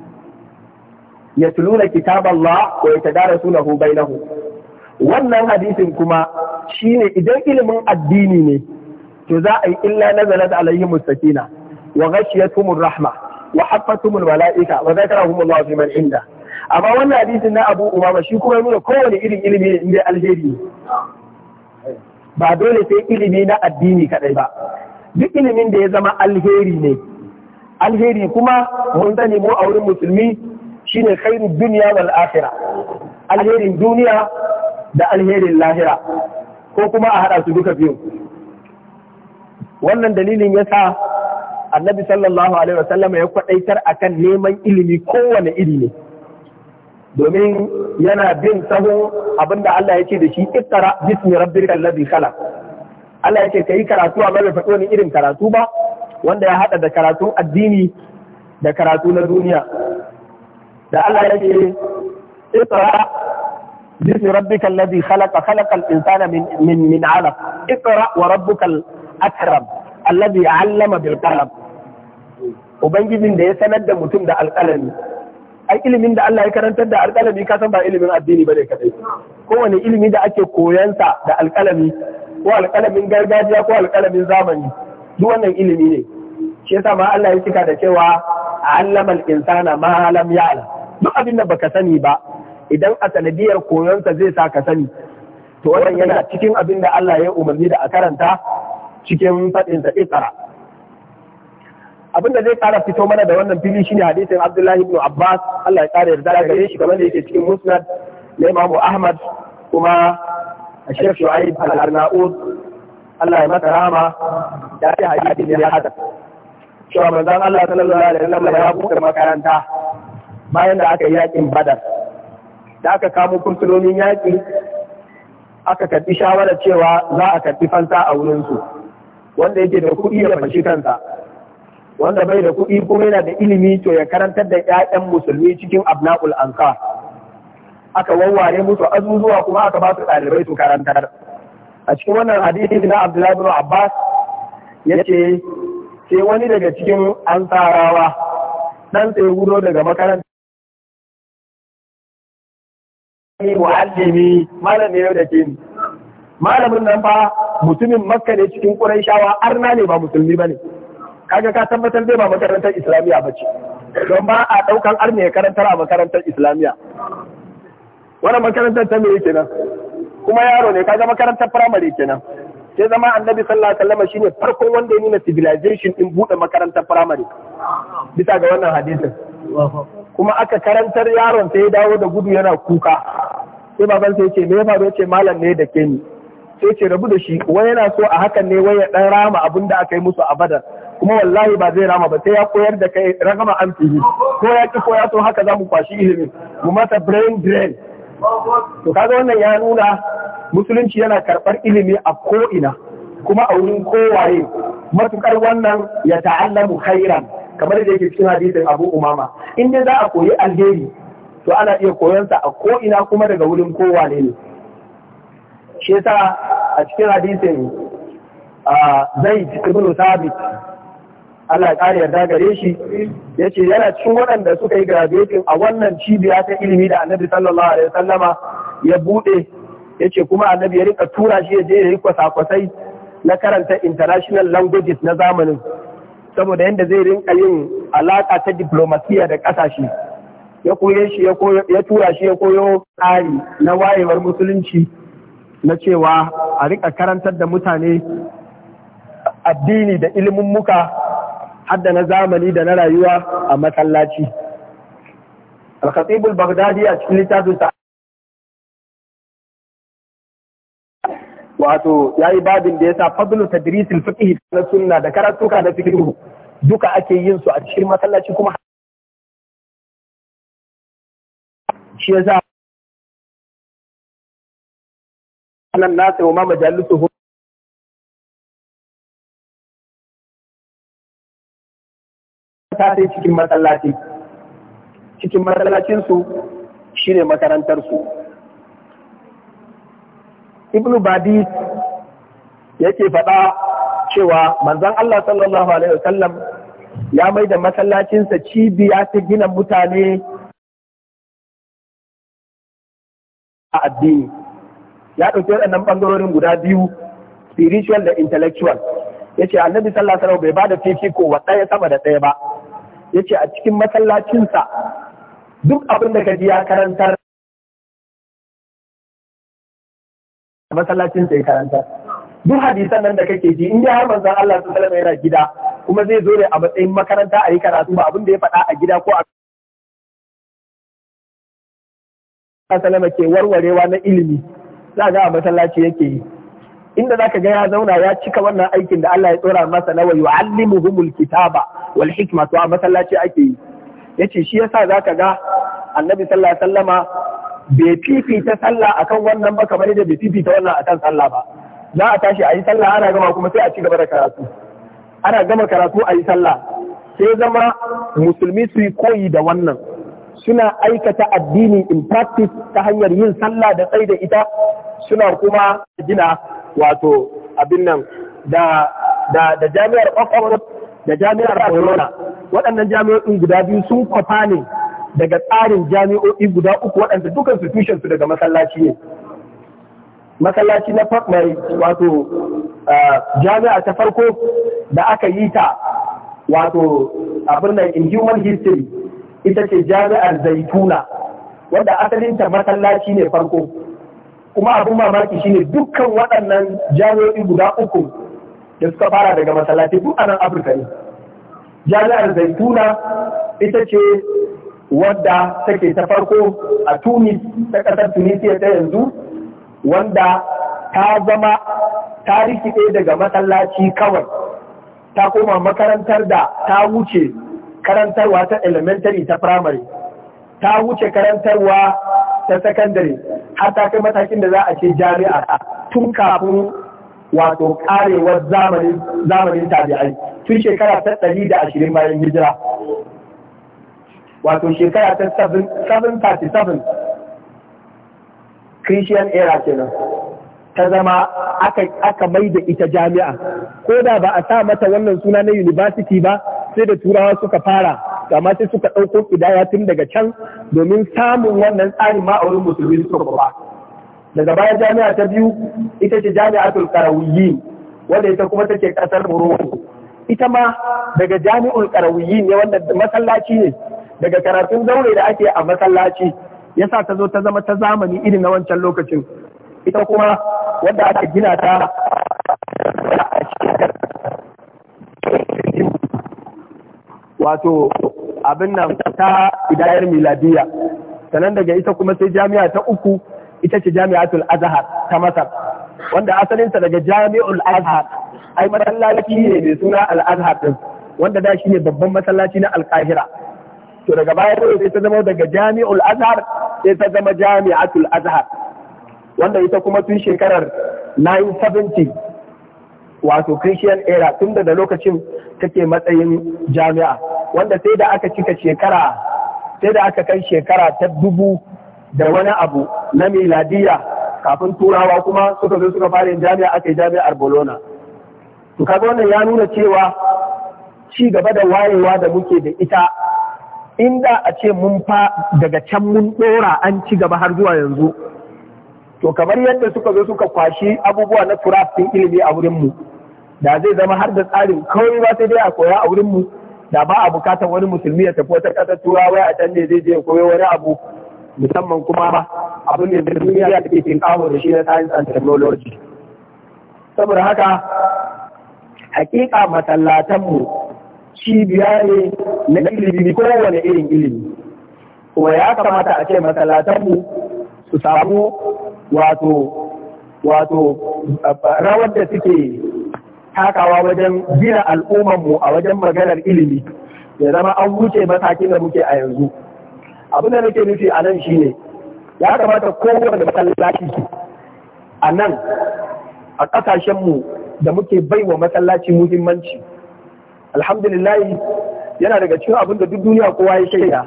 yatluna kitaballah wa yatadarasunahu bainahum wannan hadisin kuma shine idan ilimin addini ne to za a yi illa nazalat alaihim sakina wa ghashiyatuhum rahma wa haffatuhum malaika wa zakarahum Allah fi man inda amma wannan hadisin na Abu Umama shi kuma nuna kowane irin ilimi ne inda alheri ba dole sai ilimi na addini kadai ba duk ilimin da ya zama alheri ne alheri kuma mun sani mu a wurin musulmi shine khairu duniya wal akhirah alherin duniya da alherin lahira ko kuma a haɗa su duka biyu wannan dalilin ya sa annabi sallallahu alaihi wasallam ya kwaɗaitar kan neman ilimi kowane iri ne domin yana bin saho abinda Allah ya ce da shi ittara bismi rabbika allazi khalaq Allah ya ce yi karatu a bai faɗo ni irin karatu ba wanda ya haɗa da karatun addini da karatu na duniya da Allah ya ce iqra bismi rabbikal ladhi khalaqa khalaqal insana min min min 'alaq iqra wa rabbukal akram alladhi 'allama bil qalam ubangijin da ya sanar da mutum da alƙalami ai ilimin da Allah ya karantar da alƙalami ka san ba ilimin addini bane kadai kowane ilimi da ake koyansa da alƙalami ko alƙalamin gargajiya ko alƙalamin zamani duk wannan ilimi ne shi yasa ma Allah ya cika da cewa allama al-insana ma lam ya'lam duk abin da baka sani ba idan a sanadiyar koyonsa zai sa ka sani to wannan yana cikin abin da Allah ya umarni da a karanta cikin fadin sa isra abin da zai fara fito mana da wannan fili shine hadisin Abdullahi ibn Abbas Allah ya kare yarda gare shi kamar da yake cikin Musnad na Imam Ahmad kuma Sheikh Shu'aib Al-Arnaud Allah ya mata rahama ya ce hadisin ya hada cewa manzon Allah sallallahu alaihi wasallam ya buƙata makaranta bayan da aka yi yakin badar da aka kamo fursunonin yaƙi aka karɓi shawarar cewa za a karɓi fansa a wurinsu wanda yake da kuɗi ya fashi kansa wanda bai da kuɗi kuma yana da ilimi to ya karantar da 'ya'yan musulmi cikin abna'ul anka aka wawware musu azuzuwa kuma aka ba su ɗalibai su karantar a cikin wannan hadisi na abdullahi bin abbas ya ce sai wani daga cikin ansarawa ɗansa ya wuro daga makaranta mu'allimi malami yau da ke ni malamin nan ba mutumin makka ne cikin ƙurayshawa arna ne ba musulmi ba ne kaga ka tabbatar zai ba makarantar islamiyya ba ce don ba a ɗaukan arni ya karantar a makarantar islamiyya wannan makarantar ta me kenan kuma yaro ne kaga makarantar firamare kenan sai zama annabi sallallahu alaihi wasallam shine farkon wanda ya nuna civilization din bude makarantar firamare bisa ga wannan hadisin kuma aka karantar yaron sai ya dawo da gudu yana kuka sai baban sai ce me ya faru ce malam ne da ke ni sai ce rabu da shi wai yana so a hakan ne wai ya dan rama abin da aka yi musu a badar kuma wallahi ba zai rama ba sai ya koyar da kai ragama an fihi ko ya ki koya to haka zamu kwashi ilimi mu mata brain drain to kaga wannan ya nuna musulunci yana karɓar ilimi a ko'ina kuma a wurin kowaye matukar wannan ya ta'allamu khairan kamar da yake cikin hadisin Abu Umama in dai za a koyi alheri to ana iya koyon sa a ko ina kuma daga wurin kowa ne shi yasa a cikin hadisin Zaid ibn Thabit Allah ya kare yarda gare shi yace yana cikin waɗanda suka yi graduation a wannan cibiya ta ilimi da Annabi sallallahu alaihi wasallama ya bude yace kuma Annabi ya rika tura shi ya je ya yi kwasa-kwasai na karanta international languages na zamanin saboda yadda zai rinka yin alaƙa ta diplomasiya da ƙasashe ya koye shi ya tura shi ya koyo tsari na wayewar musulunci na cewa a rika karantar da mutane addini da ilimin muka hadda na zamani da na rayuwa a matsalaci. alkatsibul baghdadi a cikin littafin sa wato yayi babin da yasa fadlu tadrisil fiqh na sunna da karatuka da fikihu. duka ake yin su a cikin masallaci kuma shi yasa nan nasa wa ma majalisuhum ta sai cikin masallaci cikin masallacinsu shi ne makarantarsu ibnu badis yake faɗa cewa manzan Allah sallallahu alaihi wasallam ya mai da masallacinsa cibiya ta gina mutane a addini ya ɗauki waɗannan ɓangarorin guda biyu spiritual da intellectual ya ce annabi sallallahu alaihi bai ba da fifiko wa ɗaya sama da ɗaya ba ya ce a cikin masallacinsa duk abin da kaji ya karantar masallacinsa ya karantar duk hadisan nan da kake ji in dai har manzon Allah sallallahu alaihi yana gida kuma zai zo ne a matsayin makaranta a yi karatu ba abin da ya faɗa a gida ko a sallama ke warwarewa na ilimi za ga a masallaci yake yi inda zaka ga ya zauna ya cika wannan aikin da Allah ya tsora masa na wayo allimuhumul kitaba wal hikma to a masallaci ake yi yace shi yasa zaka ga annabi sallallahu alaihi wasallama bai fifita sallah akan wannan ba kamar da bai fifita wannan akan sallah ba za a tashi a yi sallah ana gama kuma sai a ci gaba da karatu ana gama karatu a yi sallah sai zama musulmi su yi koyi da wannan suna aikata addini in practice ta hanyar yin sallah da tsaye da ita suna kuma gina wato abin nan da jami'ar Oxford da jami'ar Barcelona waɗannan jami'o'in guda biyu sun kwafa ne daga tsarin jami'o'i guda uku waɗanda dukkan su daga masallaci ne masallaci na mai wato jami'a ta farko da aka yi ta wato abin nan in human history ita ce jami'ar zaituna wanda asalinta masallaci ne farko kuma abin mamaki shine dukkan waɗannan jami'o'i guda uku da suka fara daga masallaci duk anan afirka ne jami'ar zaituna ita ce wadda take ta farko a tunis ta ƙasar tunisiya ta yanzu wanda ta zama ta rikide daga matsalaci kawai ta koma makarantar da ta wuce karantarwa ta elementary ta primary ta wuce karantarwa ta secondary har ta kai matakin da za a ce jami'a tun kafin wato karewar zamanin tabi'ai tun shekara ta ɗari da ashirin bayan hijira wato shekara ta 737 christian era kenan ta zama aka mai da ita jami'a ko da ba a sa mata wannan suna na university ba sai da turawa suka fara amma sai suka ɗauko ƙidaya tun daga can domin samun wannan tsarin ma'aurin musulmi suka ba daga baya jami'a ta biyu ita ce jami'atul karawiyyi wanda ita kuma take ƙasar Morocco ita ma daga jami'un karawiyyi ne wanda masallaci ne daga karatun zaure da ake a masallaci yasa ta zo ta zama ta zamani irin na wancan lokacin ita kuma wadda aka gina ta wato abin nan ta idayar miladiya Sanan daga ita kuma sai jami'a ta uku ita ce jami'atul azhar ta masar wanda asalinsa daga jami'ul azhar ai masallaci ne mai suna al azhar din wanda da shi ne babban masallaci na alkahira to daga baya sai ta zama daga jami'ul azhar sai ta zama jami'atul azhar wanda ita kuma tun shekarar 970 wato christian era tun da lokacin take matsayin jami'a wanda sai da aka cika shekara sai da aka kai shekara ta dubu da wani abu na miladiya kafin turawa kuma suka zo suka fara jami'a aka yi jami'ar bolona to kaga wannan ya nuna cewa ci gaba da wayewa da muke da ita inda a ce mun fa daga can mun ɗora an ci gaba har zuwa yanzu to kamar yadda suka zo suka kwashi abubuwa na turafin ilimi a wurinmu da zai zama har da tsarin kawai ba sai dai a koya a wurinmu da ba a bukatar wani musulmi ya tafi wata ƙasar turawa a can ne zai je koyo wani abu musamman kuma ba abin da duniya ke kawo da shi na science and technology saboda haka hakika masallatanmu cibiya ne na ilimi kowane irin ilimi kuma ya kamata a ce masallatanmu su samu wato wato rawar da suke takawa wajen gina al'ummanmu a wajen maganar ilimi ya zama an wuce matakin da muke a yanzu abin da nake nufi a nan shine ya kamata kowane masallaci a nan a ƙasashenmu da muke wa masallaci muhimmanci alhamdulillah yana daga cikin abin da duk duniya kowa ya shaida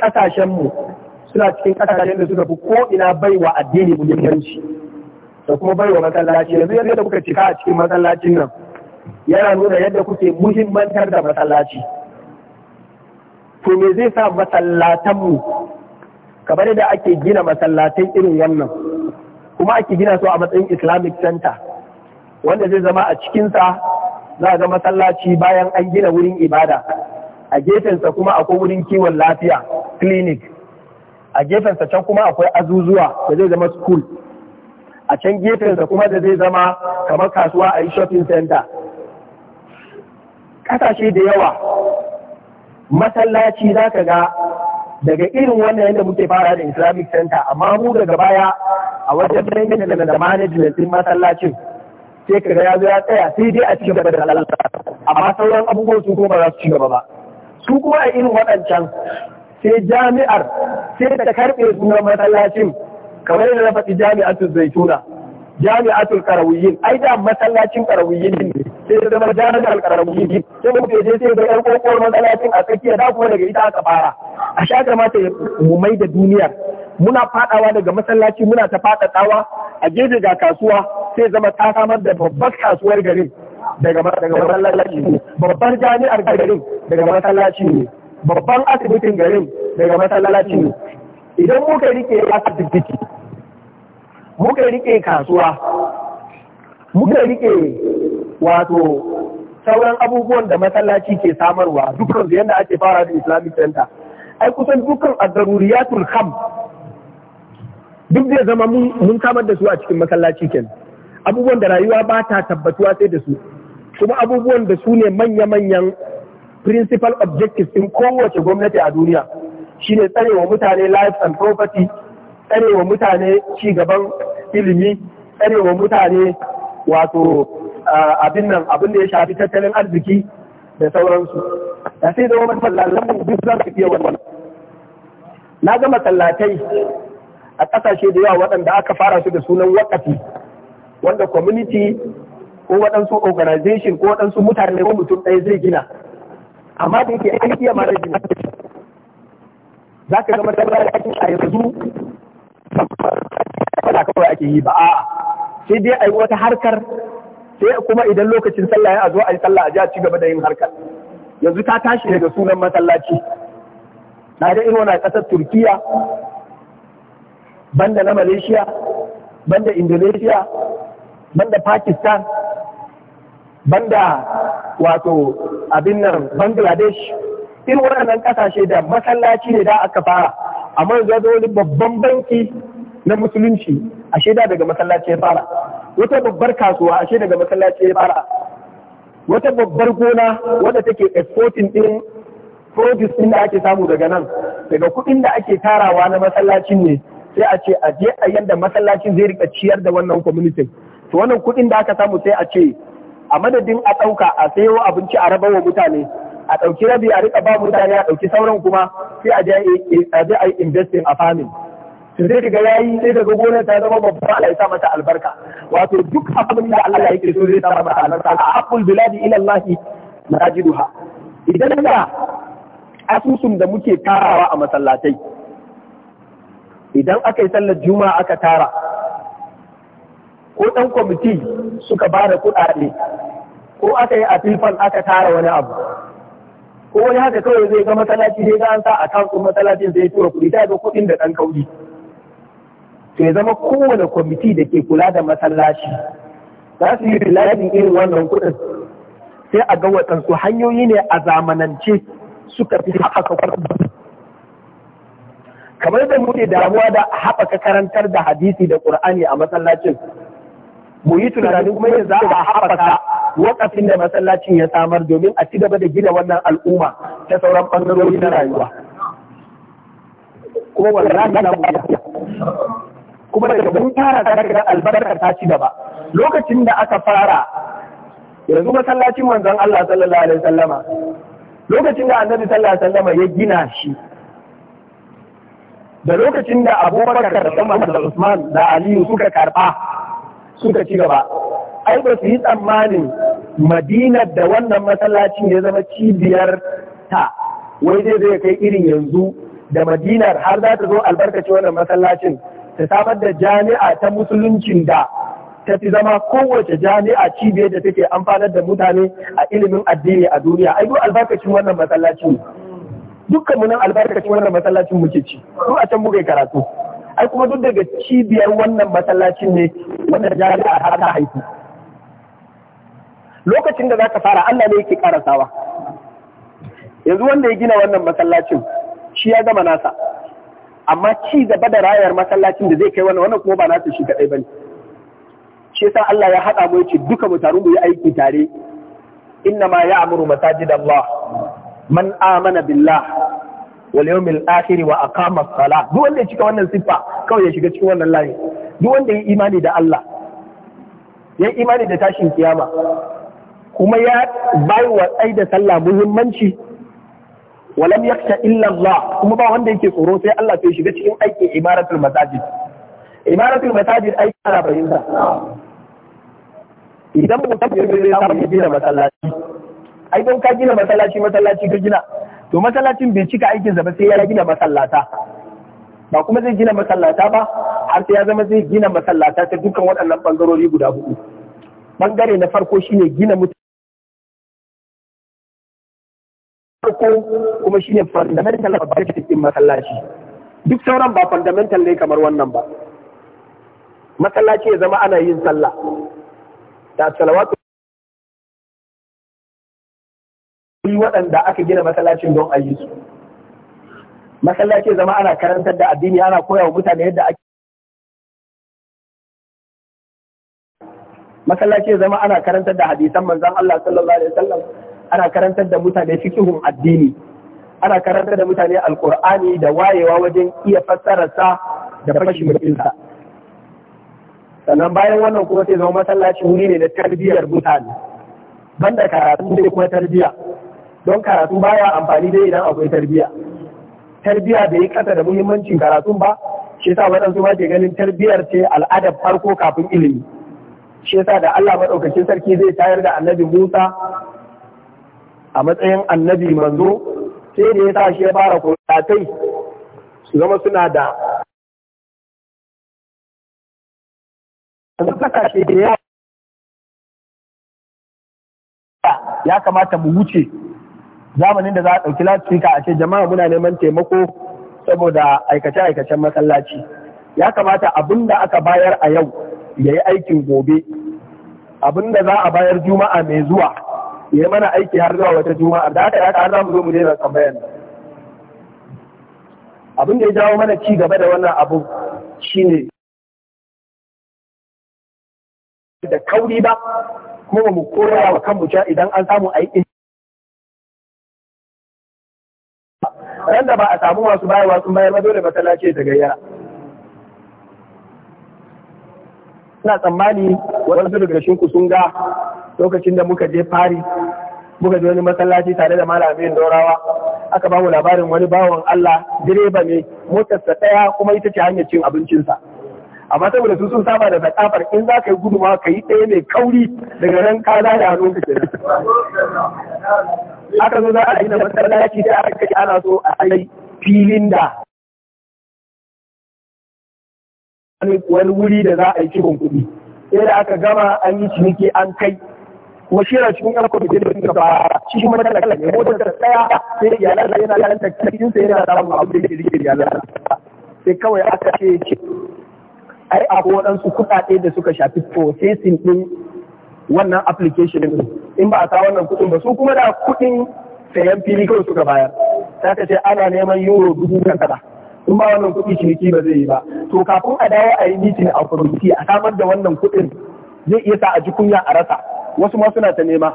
kasashen mu suna cikin kasashen da suka fi ko ina baiwa addini muhimmanci da kuma baiwa masallaci yanzu yadda kuka cika a cikin masallacin nan yana nuna yadda kuke muhimmantar da masallaci to me zai sa masallatanmu kamar yadda ake gina masallatan irin wannan kuma ake gina su a matsayin islamic center wanda zai zama a cikinsa za ga masallaci bayan an gina wurin ibada a gefensa kuma akwai wurin kiwon lafiya clinic a gefensa can kuma akwai azuzuwa da zai zama school a can gefensa kuma da zai zama kamar kasuwa a yi shopping center Kasashe da yawa masallaci za ka ga daga irin wannan yadda muke fara da islamic center amma mu daga baya a wajen da da management din masallacin sai ka ga ya zo ya tsaya sai dai a cikin gaba da lalata amma sauran abubuwan su kuma ba za su ci gaba ba su kuma a irin waɗancan sai jami'ar sai ta karɓe sunan masallacin kamar yadda na faɗi jami'ar zaituna jami'atul karawiyin ai da masallacin karawiyin ne sai da zama jami'atul qarawiyyin sai mu je sai da yar ko masallacin a tsakiya da kuma daga ita aka fara a sha mata mu mai da duniya muna fadawa daga masallaci muna ta fadadawa a gefe ga kasuwa sai zama ta samar da babbar kasuwar garin daga masallaci babbar jami'ar garin daga masallaci ne babban asibitin garin daga masallaci ne idan muka rike asibiti muka rike kasuwa muka rike wato sauran abubuwan da masallaci ke samarwa dukkan yadda ake fara da islamic center ai kusan dukkan adaruriyatul kham duk zai zama mun samar da su a cikin masallaci ken, abubuwan da rayuwa ba ta tabbatuwa sai da su kuma abubuwan da su ne manya-manyan principal objectives in kowace gwamnati a duniya shine tsarewa mutane life and property tsarewa mutane ci gaban ilimi tsarewa mutane wato abin nan abin da ya shafi tattalin arziki da sauransu da sai zama masallalan mu duk za su fiye wannan na ga masallatai a ƙasashe da yawa waɗanda aka fara su da sunan wakafi wanda community ko waɗansu organization ko waɗansu mutane ko mutum ɗaya zai gina amma da yake a iya gina za ka zama da a yanzu ba kawai ake yi ba a'a sai dai a yi wata harkar sai kuma idan lokacin sallah ya zo a yi sallah a ji a ci gaba da yin harkar yanzu ta tashi daga sunan masallaci na ga irin wani kasar turkiya banda na malaysia banda indonesia banda pakistan banda wato abin nan bangladesh irin waɗannan ƙasashe da masallaci ne da aka fara amma yanzu ya zo wani babban banki na musulunci a shaida daga masallaci ya fara wata babbar kasuwa a shaida daga masallaci ya fara wata babbar gona wadda take exporting din produce din da ake samu daga nan daga kuɗin da ake tarawa na masallacin ne sai a ce a je a yanda masallacin zai rika ciyar da wannan community to wannan kuɗin da aka samu sai a ce a madadin a ɗauka a sayo abinci a raba wa mutane a ɗauki rabi a rika ba mutane a ɗauki sauran kuma sai a je a yi investing a farming to sai ya yayi sai daga gonar ta zama babba Allah ya sa mata albarka wato duk abin da Allah yake so zai sa mata albarka a haqqul biladi ila Allah marajiduha idan da asusun da muke tarawa a masallatai idan aka yi sallar juma'a aka tara ko ɗan kwamiti suka ba da kuɗaɗe ko aka yi a aka tara wani abu ko wani haka kawai zai ga masallaci sai ga an sa a din masallacin zai tura kuɗi ta ga kuɗin da ɗan kauri to zama kowane kwamiti da ke kula da masallaci za su yi rilayin irin wannan kuɗin sai a ga waɗansu hanyoyi ne a zamanance suka fi haka kuɗi kamar da muke damuwa da haɓaka karantar da hadisi da ƙur'ani a masallacin mu yi tunanin kuma yadda za a haɓaka lokacin da masallacin ya samar domin a ci gaba da gina wannan al'umma ta sauran bangarori na rayuwa kuma wallahi na kuma daga mun fara daga albarkar ta ci gaba lokacin da aka fara yanzu masallacin manzon Allah sallallahu alaihi wasallama lokacin da annabi sallallahu alaihi wasallama ya gina shi da lokacin da abubakar da Umar da Usman da Aliyu suka karba suka ci gaba ai ba su yi tsammanin madinar da wannan masallacin ya zama cibiyar ta wai zai zai kai irin yanzu da madinar har za ta zo albarkaci wannan masallacin ta samar da jami'a ta musuluncin da ta fi zama kowace jami'a cibiyar da take amfanar da mutane a ilimin addini a duniya ai duk albarkacin wannan masallacin dukkan mu nan albarkacin wannan masallacin muke ci duk a can muke karatu ai kuma duk daga cibiyar wannan masallacin ne wannan jami'a har ta haifi. lokacin da za ka fara Allah ne yake karasawa yanzu wanda ya gina wannan masallacin shi ya zama nasa amma ci gaba da rayar masallacin da zai kai wannan wannan kuma ba nasa shi kadai bane shi yasa Allah ya hada mu yace duka mu taru mu yi aiki tare inna ma ya'muru masajid Allah man amana billah wal yawmil akhir wa aqama as-salah duk wanda ya cika wannan siffa kawai ya shiga cikin wannan layi duk wanda ya imani da Allah ya imani da tashin kiyama kuma ya bai wa tsai da sallah muhimmanci walam yakta illa Allah kuma ba wanda yake tsoro sai Allah sai shiga cikin aikin imaratul masajid imaratul masajid ai kana fahimta idan mutum ya gina ya gina masallaci ai don ka gina masallaci masallaci ka gina to masallacin bai cika sa ba sai ya gina masallata ba kuma zai gina masallata ba har sai ya zama zai gina masallata ta dukkan waɗannan bangarori guda hudu bangare na farko shine gina mutum. farko kuma ne fundamental of budget din masallaci duk sauran ba fundamental ne kamar wannan ba masallaci ya zama ana yin sallah da salawatu yi waɗanda aka gina masallacin don ayi su masallaci ya zama ana karantar da addini ana koya wa mutane yadda ake masallaci ya zama ana karantar da hadisan manzon Allah sallallahu alaihi wasallam ana karantar da mutane fikihun addini ana karantar da mutane alkur'ani da wayewa wajen iya fassararsa da mutunta sannan bayan wannan kuma sai zama masallaci wuri ne na tarbiyyar mutane banda karatu sai kuma tarbiyya don karatu baya amfani dai idan akwai tarbiyya tarbiyya bai yi kasa da muhimmancin karatun ba shi yasa waɗansu ma ke ganin tarbiyyar ce al'adar farko kafin ilimi shi yasa da Allah maɗaukacin sarki zai tayar da annabi Musa a matsayin annabi manzo sai da ya tashi ya fara kuratai su zama suna da kasashe da yawa ya kamata mu wuce zamanin da za a ɗauki latifika a ce jama'a muna neman taimako saboda aikace-aikacen masallaci ya kamata abin da aka bayar a yau ya yi aikin gobe abin da za a bayar juma'a mai zuwa ya mana aiki har zuwa wata juma'a da aka yaka har za mu zo mu daina tambayan nan abin da ya jawo mana ci gaba da wannan abu shine da kauri ba kuma mu koya wa kanmu cewa idan an samu aiki ran da ba a samu masu bayarwa sun bayar ba dole masallaci ta gayyara ina tsammani waɗansu daga shinku sun ga lokacin da muka je fari muka je wani masallaci tare da malamin dorawa aka ba mu labarin wani bawan Allah direba ne motarsa ɗaya kuma ita ce hanyar cin abincinsa amma saboda su sun saba da zakafar in za ka yi guduma ka yi ɗaya mai kauri daga nan ka da hannun ka kenan aka zo za a yi na masallaci sai aka kashe ana so a yi filin da wani wuri da za a yi cikin kuɗi sai da aka gama an yi ciniki an kai kuma shi yana cikin alko da ke da ba shi kuma da kala ne motar da tsaya sai iyalan da yana yalan da cikin sai yana samun abu da yake rike iyalan sai kawai aka ce ai akwai waɗansu kuɗaɗe da suka shafi processing ɗin wannan application ɗin in ba a sa wannan kuɗin ba su kuma da kuɗin sayan fili kawai suka bayar sai ka ce ana neman euro dubu kaza in ba wannan kuɗi ciniki ba zai yi ba to kafin a dawo a yi meeting a kwamiti a samar da wannan kuɗin zai iya sa a ji kunya a rasa wasu ma suna ta nema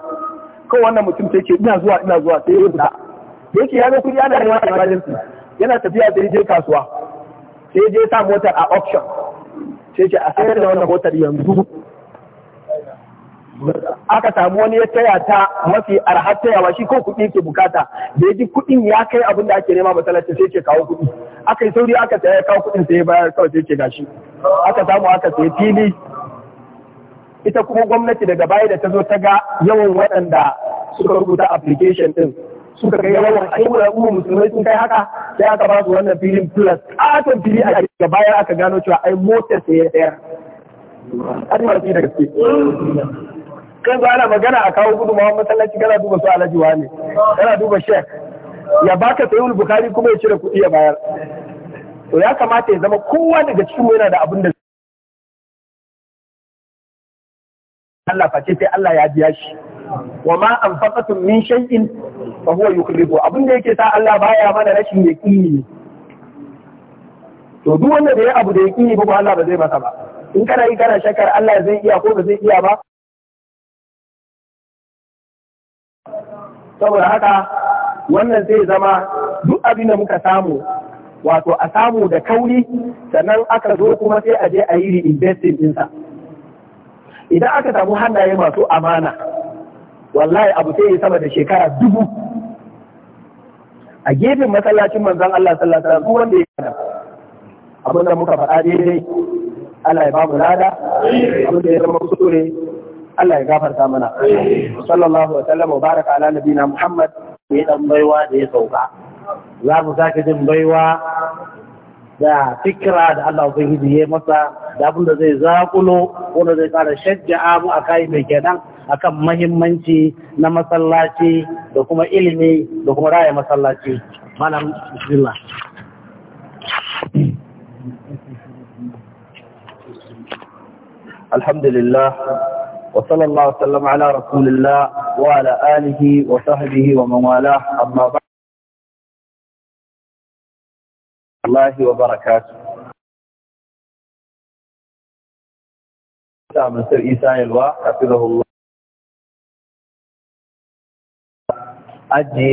kawai wannan mutum ta yake ina zuwa ina zuwa sai ya ta da yake ya ga yana yi wata a emergency yana tafiya sai je kasuwa sai je sa motar a option. sai ce a sayar da wannan motar yanzu aka samu wani ya taya ta mafi taya tayawa shi ko kuɗi ke bukata da ji kuɗin ya kai abin da ake nema masallaci sai ke kawo kuɗi aka yi sauri aka taya kawo kuɗin sai bayar kawai sai ke gashi aka samu aka sai fili ita kuma gwamnati daga baya da ta zo ta ga yawan waɗanda suka rubuta application ɗin suka ga yawan ayyukan yawan al'umma musulmai sun kai haka sai aka ba su wannan filin plus katon fili a daga baya aka gano cewa ai motar sai ya tsayar an yi da gaske kan zo ana magana a kawo mawan masallaci kana duba su alhaji ne kana duba shek ya baka sayi bukari kuma ya cire kuɗi ya bayar to ya kamata ya zama kowa daga cikin yana da abin da Allah face sai Allah ya biya shi wa ma anfaqatum min shay'in fa huwa yukhlifu abin da yake sa Allah baya mana rashin yaqini to duk wanda da ya abu da yaqini ba Allah ba zai masa ba in kana yi kana shakar Allah zai iya ko ba zai iya ba saboda haka wannan zai zama duk abin da muka samu wato a samu da kauri sannan aka zo kuma sai a je a yi din ɗinsa. idan aka samu hannaye masu amana wallahi abu sai ya sama da shekara dubu a gefen masallacin manzon Allah sallallahu alaihi wanda ya kada abinda muka faɗa daidai Allah ya ba mu lada abinda ya zama kuskure Allah ya gafarta mana sallallahu alaihi wasallam wa baraka ala nabina Muhammad ya dan baiwa da ya sauka za mu sake jin baiwa da fikira da Allah Ubangiji ya masa da abin da zai zaƙulo wanda zai ƙara shajja abu a kayi mai kenan akan mahimmanci na masallaci da kuma ilimi da kuma raya masallaci malam bismillah alhamdulillah wa sallallahu ala rasulillah wa ala alihi wa sahbihi wa man wala amma الله وبركاته مسر إيسا يلوى حفظه الله أجي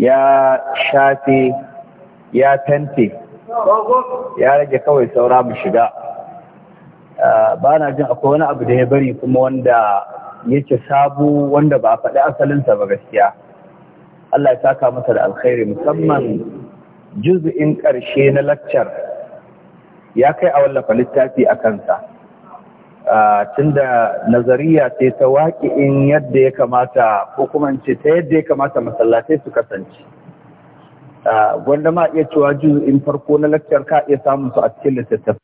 ya shafe ya tante ya rage kawai saura mu shiga ah, ba na jin akwai wani abu da ya bari kuma wanda yake sabu wanda ba a faɗi asalinsa ba gaskiya Allah ya saka masa da alkhairi musamman juz'in ƙarshe na lakcar ya kai a wallafa littafi a kansa tunda nazariya ce ta waƙi'in yadda ya kamata ko kuma ce ta yadda ya kamata masallatai su kasance gwanda ma iya cewa juz'in farko na lakcar ka iya samun su a cikin littattafai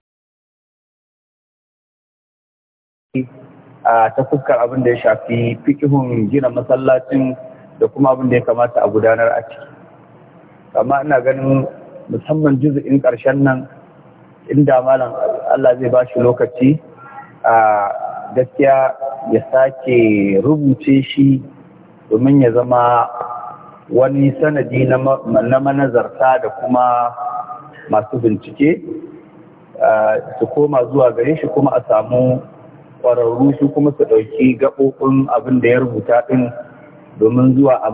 a ta fuskar abin da ya shafi fikihun gina masallacin da kuma abin da ya kamata a gudanar a ciki amma ina ganin musamman juzu'in ƙarshen nan inda malam Allah zai ba shi lokaci a gaskiya ya sake rubuce shi domin ya zama wani sanadi na manazarta da kuma masu bincike su koma zuwa gare shi kuma a samu Kwararru su kuma su ɗauki gaɓoɓin abin da ya rubuta ɗin domin zuwa a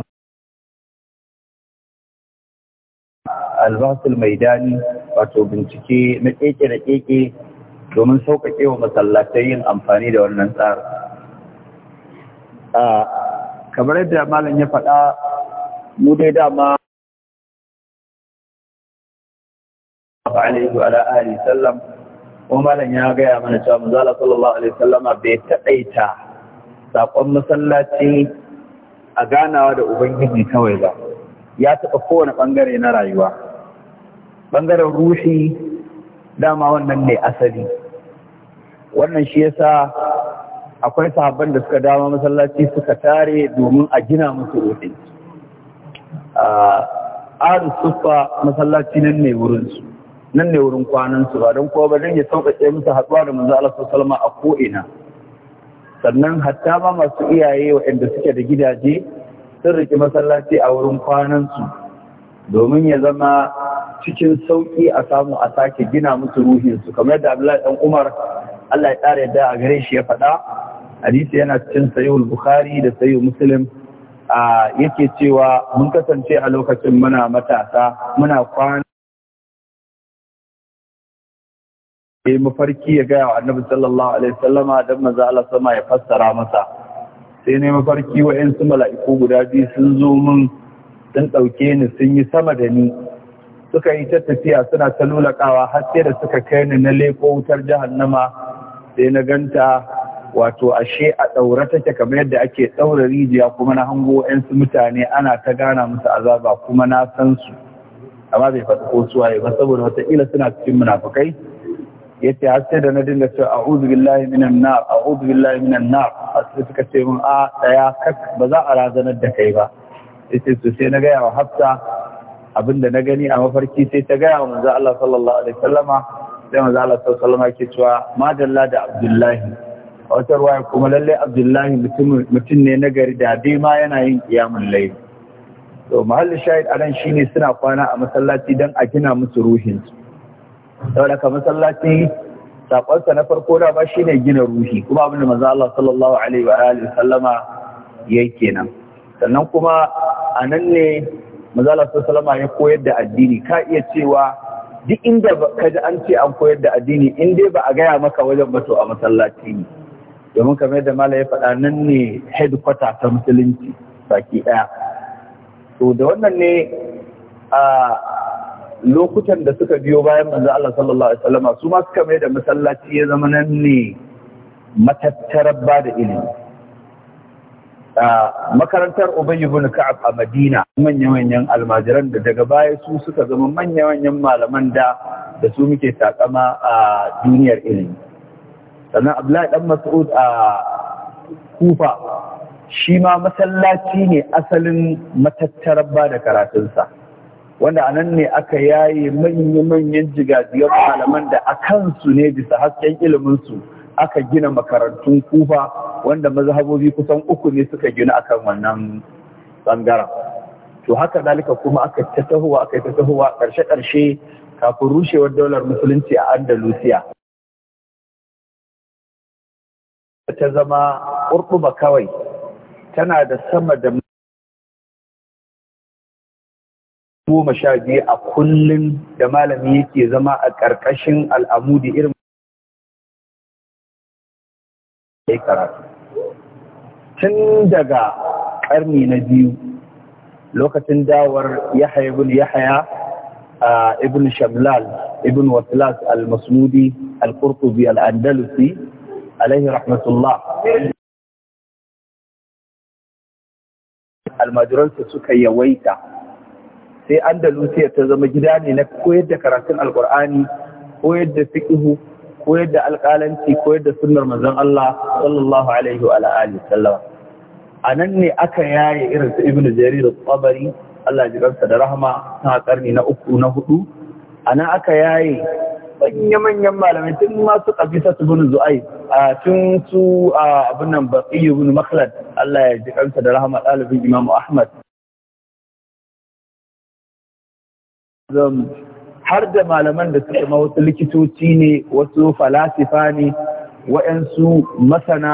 albasul maidani wato bincike na ƙeƙe da keke domin sauƙaƙe wa masallatai yin amfani da wannan tsari. kamar yadda malam ya faɗa mu dai dama alaihi wa ala'ari sallam ko malam ya gaya mana cewa manzala sallallahu alaihi wasallama bai taɗaita sakon masallaci a ganawa da ubangiji kawai ba ya taɓa kowane ɓangare na rayuwa ɓangaren ruhi dama wannan ne asali wannan shi yasa akwai sahabban da suka dama masallaci suka tare domin a gina musu ruhi a ah, arus masallaci nan ne wurinsu nan ne wurin kwanan su ba don kowa ba don ya sauƙaƙe musu haɗuwa da manzo Allah sallallahu a a ko'ina sannan hatta ba masu iyaye waɗanda suke da gidaje sun riƙe masallaci a wurin kwanan su domin ya zama cikin sauƙi a samu a sake gina musu ruhin su kamar da Abdullahi dan Umar Allah ya tsara yadda a gare shi ya faɗa hadisi yana cikin sayyul Bukhari da sayyul Muslim a yake cewa mun kasance a lokacin muna matasa muna kwana ya mafarki ya gaya wa annabi sallallahu alaihi sallama don maza Allah sama ya fassara masa sai ne mafarki wa wa'yansu mala'iku guda biyu sun zo min sun ɗauke ni sun yi sama da ni suka yi ta tafiya suna ta lulakawa har sai da suka kai ni na leko wutar jahannama sai na ganta wato ashe a daura take kamar yadda ake ɗaura rijiya kuma na hango su mutane ana ta gana musu azaba kuma na san su amma bai faɗa ko suwaye ba saboda wataƙila suna cikin munafukai yace haske da na dinga cewa a'udhu billahi minan nar a'udhu billahi minan nar sai suka ce mun a ah, daya kak ba za a razanar da kai ba yace to sai na gaya wa hafsa abinda na gani a mafarki sai ta gaya wa manzo Allah sallallahu alaihi wasallama sai manzo Allah sallallahu alaihi wasallama ke cewa madalla da abdullahi a wata ruwaya kuma lalle abdullahi mutum mutum ne na gari da dai ma yana yin kiyamul layl to mahallin shahid nan shine suna kwana a masallaci dan a gina musu ruhinsu saboda masallaci sakonsa na farko da ba shine gina ruhi kuma abinda manzo Allah sallallahu alaihi wa alihi sallama yake kenan sannan kuma anan ne manzo Allah sallallahu ya koyar da addini ka iya cewa duk inda ka ji an ce an koyar da addini in dai ba a gaya maka wajen ba a masallaci ne domin kamar yadda mala ya faɗa nan ne headquarter ta musulunci baki ɗaya to da wannan ne a lokutan da suka biyo bayan manzo Allah sallallahu alaihi wasallama su ma suka mai da masallaci ya zama nan ne matattarar ba da ilimi a makarantar Ubay ibn Ka'ab a Madina manya-manyan almajiran da daga baya su suka zama manya-manyan malaman da da su muke takama a duniyar ilimi sannan Abdullahi dan Mas'ud a Kufa shi ma masallaci ne asalin matattarar ba da karatunsa wanda anan ne aka yaye manya-manyan jigajiyar malaman da a kansu ne bisa hasken iliminsu aka gina makarantun kufa wanda mazhabobi kusan uku ne suka gina akan wannan bangaren to haka dalika kuma aka ta tahowa aka ta tahowa karshe-karshe kafin rushewar daular musulunci a andalusiya ta zama ƙurɓuba kawai tana da sama da goma sha biyu a kullum da malami yake zama a ƙarƙashin al'amudi irin tun daga ƙarni na biyu lokacin dawar yahaya ibn yahaya a ibn shamlal ibn waslas al-masmudi al-qurtubi al-andalusi alaihi rahmatullah almajiransa suka yawaita sai andalusiya ta zama gida ne na koyar da karatun alkur'ani koyar da fiqhu koyar da alƙalanci koyar da sunnar manzon Allah sallallahu alaihi wa alihi sallam anan ne aka yaye irin su ibnu jarir al-tabari Allah ji kansa da rahama ta karni na uku na hudu anan aka yaye manya-manyan malamai tun masu kabisa su bin zu'ai a tun su abin nan baƙi bin makhlad Allah ya ji da rahama ɗalibin imamu ahmad zan har da malaman da suke ma wasu likitoci ne wasu falasifa ne wa'yansu masana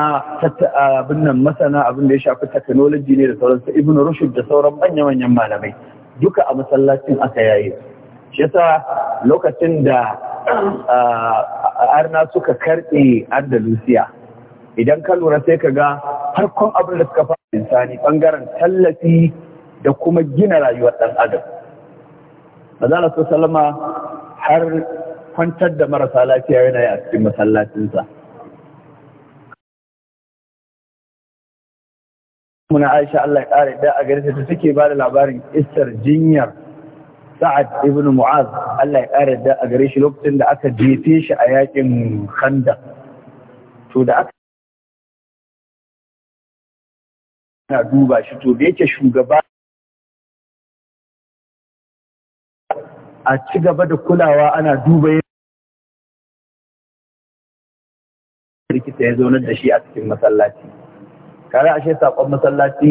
abin nan masana abin da ya shafi technology ne da sauran su ibn rushd da sauran manyan manyan malamai duka a masallacin aka yayi shi yasa lokacin da arna suka karɓe andalusiya idan ka lura sai ka ga farkon abin da suka fara insani bangaren tallafi da kuma gina rayuwar ɗan adam manzala su salama har kwantar da marasa lafiya yana yi a cikin masallacinsa muna aisha Allah ya ƙare da a gare ta take ba da labarin istar jinyar sa'ad ibn mu'az Allah ya ƙare da a gare shi lokacin da aka jefe shi a yakin khanda to da aka na duba shi to da yake shugaba a ci gaba da kulawa ana duba likita ya zaunar da shi a cikin masallaci kare ashe sakon masallaci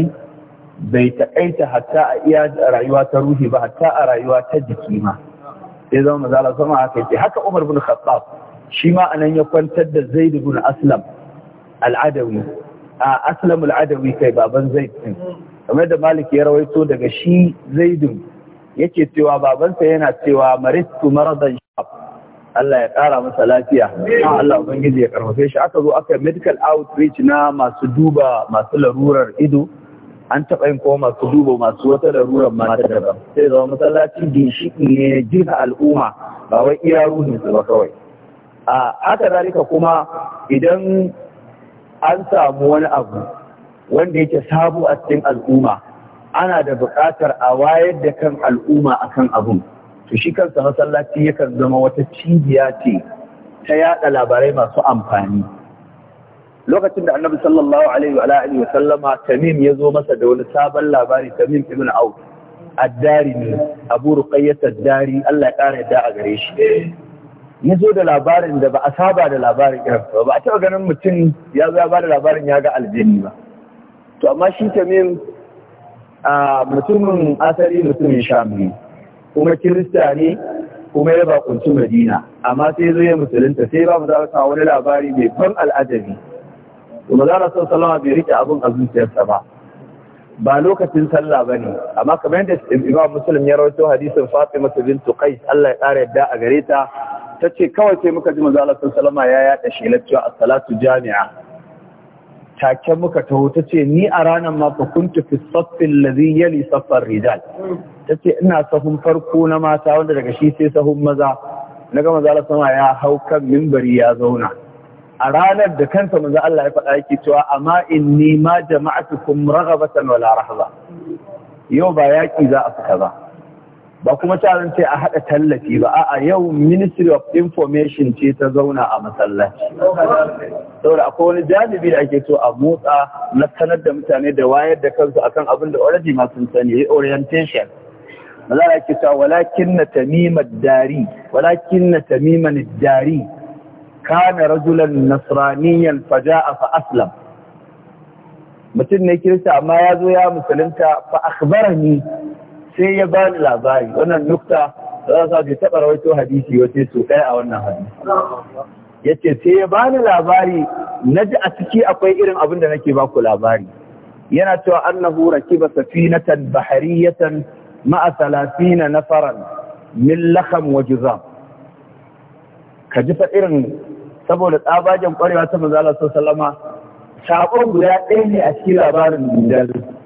bai taƙaita hatta a iya rayuwa ta ruhi ba hatta a rayuwa ta jiki ma sai zama mazala sama haka yake haka Umar bin Khattab shi ma anan ya kwantar da Zaid bin Aslam al-Adawi a Aslam al-Adawi kai baban Zaid din kamar da Malik ya rawaito daga shi Zaid yake cewa babansa yana cewa maristu maradan shaf Allah ya ƙara masa lafiya Allah ubangiji ya karfafe shi aka zo aka medical outreach na masu duba masu larurar ido an taɓa yin kuma masu duba masu wata larurar mata daban sai zama masallaci ginshiki ne jirka al'umma ba wai iya ruhin su ba kawai a haka zalika kuma idan an samu wani abu wanda yake sabu a cikin al'umma ana da buƙatar a wayar da kan al'umma a kan abun to shi kansa masallaci yakan zama wata cibiya ce ta yada labarai masu amfani lokacin da annabi sallallahu alaihi wa alihi wa sallama tamim ya zo masa da wani sabon labari tamim ibn auf addari ne abu ruqayyat addari Allah ya yadda a gare shi ya zo da labarin da ba a saba da labarin irin ba ba a taɓa ganin mutum ya zo ya ba da labarin ya ga aljini ba to amma shi tamim mutumin asali mutumin shamu kuma kirista ne kuma ya bakunci madina amma sai zo musulunta sai ba mu za ka wani labari mai ban al'ajabi kuma za a salama bai rike abin a zuciyarsa ba ba lokacin sallah ba ne amma kamar yadda imam musulun ya rawaito hadisin mata bin tukai Allah ya ƙara yadda a gare ta ta ce, kawai sai muka ji manzo Allah salama ya yada shelar a salatu jami'a take muka taho ta ce ni a ranar ma fa kuntu fi saffin ladhi yali saffar rijal ta ce ina sahun farko na mata wanda daga shi sai sahun maza na ga maza sama ya hau kan mimbari ya zauna a ranar da kansa maza Allah ya faɗa yake cewa amma inni ma jama'atukum raghabatan wala rahaba yau ba yaki za a fita ba ba kuma taron ce a haɗa tallafi ba a yau ministry of information ce ta zauna a masallaci saboda akwai wani jalibi da ake so a motsa na sanar da mutane da wayar da kansu akan abin da already ma sun sani orientation maza da ake cewa walakin na tamima dari walakin na tamima dari kana rajulan nasraniyan faja fa aslam mutum ne kirista amma ya zo ya musulunta fa akhbarani sai ya bani labari wannan nukta za su bai taɓa rawaito hadisi wace so ɗaya a wannan hadisi ya ce sai ya bani labari na ji a ciki akwai irin abin da nake baku labari yana cewa annahu rakiba safinatan bahariyatan ma'a na nafaran min lakham wa juzam ka ji fa irin saboda tsabagen kwarewa ta manzo Allah sallallahu alaihi wasallama guda ɗaya ne a cikin labarin da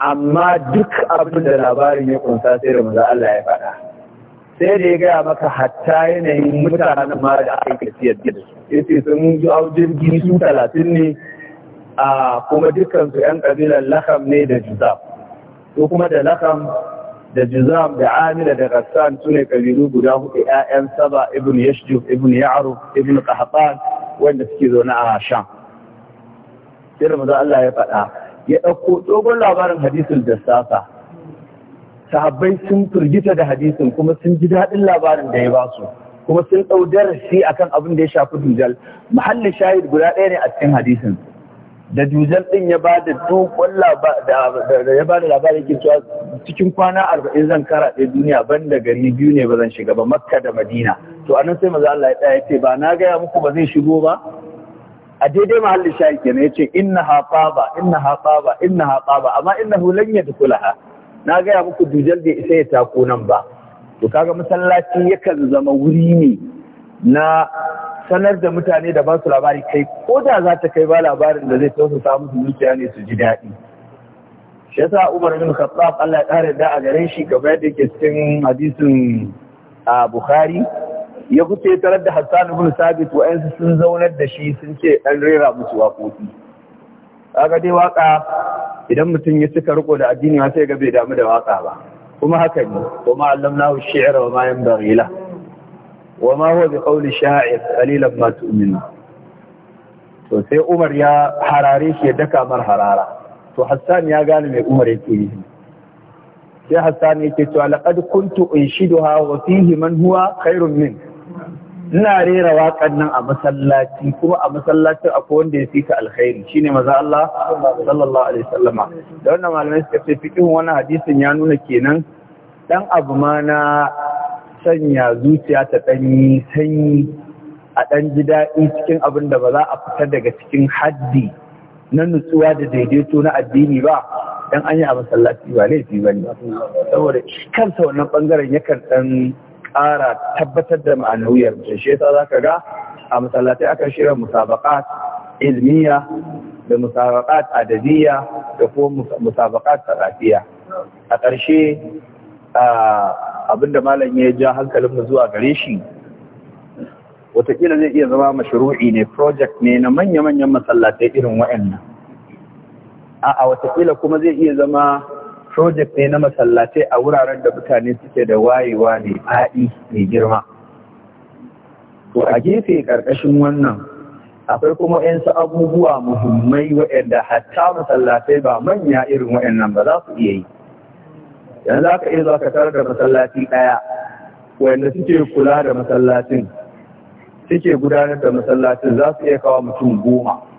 amma duk abin da labarin ya kunsa sai da maza Allah ya faɗa sai da ya gaya maka hatta yanayin mutanen ma da aka yi tafiyar da su yace sun ji jirgi su talatin ne a kuma dukkan su yan ƙabilar lakam ne da juzam ko kuma da lakam da juzam da Amina da rassan su ne ƙabilu guda huɗu, yayan saba ibn yashju ibn ya'ruf ibn qahtan wanda suke zaune a sham sai da maza Allah ya faɗa ya ɗauko dogon labarin da safa sahabbai sun turgita da hadisin kuma sun ji daɗin labarin da ya ba su kuma sun ɗau darasi a kan abin da ya shafi dujal Muhallin shahid guda ɗaya ne a cikin hadisin da dujal ɗin ya ba da dogon labarin ya cewa cikin kwana arba'in zan kara ɗaya duniya ban da gari biyu ne ba zan shiga ba makka da madina to anan sai maza Allah ya ɗaya ce ba na gaya muku ba zai shigo ba a daidai mahallin shayi kenan ce inna ha qaba inna ha amma inna na qaba amma da kula ha? na gaya muku dujal bai isa ya tako nan ba to kaga masallaci yakan zama wuri ne na sanar da mutane da ba su labari kai ko da za ta kai ba labarin da zai tausasa musu zuciya ne su ji daɗi shi yasa Umar bin Khattab Allah ya kare da a gare shi gaba da yake cikin hadisin a Bukhari ya fice tarar da Hassan ibn Sabit wa'ansu sun zaunar da shi sun ce dan rera musu waƙoƙi kaga dai waƙa idan mutum ya cika riko da addini ma sai ga bai damu da waƙa ba kuma haka ne kuma allamnahu shi'ra wa ma yanbaghi la wa ma huwa biqawli sha'ir qalilan ma tu'minu to sai Umar ya harare shi ya daka mar harara to Hassan ya gane mai Umar yake yi sai Hassan yake cewa laqad kuntu unshiduha wa fihi man huwa khairun min ina rera waƙar nan a masallaci kuma a masallaci akwai wanda ya fita alkhairi Shi ne maza Allah sallallahu alaihi wasallama da wannan malamai suka ce fiqhin wani hadisin ya nuna kenan ɗan abu ma na sanya zuciya ta ɗanyi sanyi a ɗan ji daɗi cikin abin da ba za a fita daga cikin haddi na nutsuwa da daidaito na addini ba dan an yi a masallaci ba laifi ba ne saboda kansa wannan bangaren yakan ɗan ƙara tabbatar da ma'anuyar da ta za ka ga a masallatai aka shirya musabaƙat ilmiya da musabaƙat adadiyya da kuma musabaƙat sarafiya a ƙarshe abinda malam ya ja hankalin zuwa gare shi Wataƙila zai iya zama mashru'i ne project ne na manya-manyan masallatai irin wa'annan a wataƙila kuma zai iya zama project ne na masallatai a wuraren da mutane suke da wayewa mai faɗi mai girma to a gefe ƙarƙashin wannan akwai kuma yansu abubuwa muhimmai waɗanda hatta masallatai ba manya irin waɗannan ba za su iya yi yanzu za iya za ka tarar da masallaci ɗaya waɗanda suke kula da masallacin suke gudanar da masallacin za su iya kawo mutum goma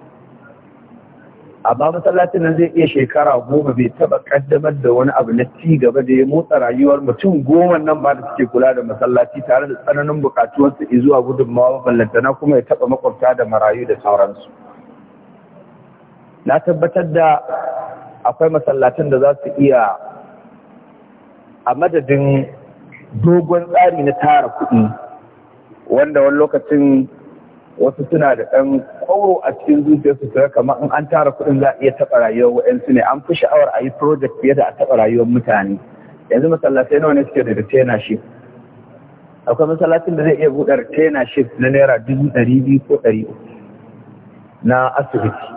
A ba masallacin nan zai iya shekara goma bai taba kaddamar da wani abu na ci gaba da ya motsa rayuwar mutum goma nan ba da suke kula da masallaci tare da tsananin bukatuwarsu zuwa gudunmawa ballantana kuma ya taba makwabta da marayu da sauransu na tabbatar da akwai masallacin da za su iya a madadin dogon tsari na tara kuɗi wanda wani lokacin wasu suna da ɗan kwaro a cikin zuciyarsu su kamar in an tara kuɗin za a iya taɓa rayuwar wa'yansu ne an fi sha'awar a yi project fiye da a taɓa rayuwar mutane yanzu masallatai nawa ne suke da retainership akwai masallacin da zai iya buɗe retainership na naira dubu ɗari biyu ko ɗari na asibiti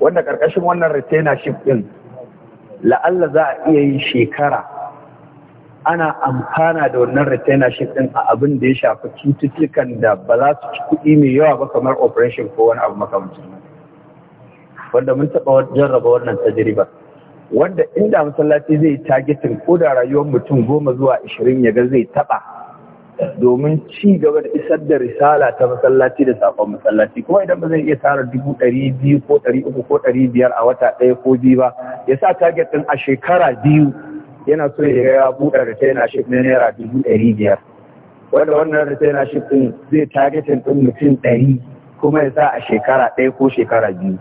wanda ƙarƙashin wannan retainership ɗin la'alla za a iya yin shekara ana amfana da wannan retainer shi din a abin da ya shafi cututtukan da ba za su ci kuɗi mai yawa ba kamar operation ko wani abu makamancin wanda mun taɓa jarraba wannan tajriba wanda inda masallaci zai targetin ko da rayuwar mutum goma zuwa ashirin ya ga zai taɓa domin ci gaba da isar da risala ta masallaci da saƙon masallaci kuma idan ba zai iya tara dubu ɗari biyu ko ɗari uku ko ɗari biyar a wata ɗaya ko biyu ba ya sa target ɗin a shekara biyu yana so ya ya buɗe retainership na naira dubu ɗari biyar wanda wannan retainership ɗin zai targetin ɗin mutum ɗari kuma ya sa a shekara ɗaya ko shekara biyu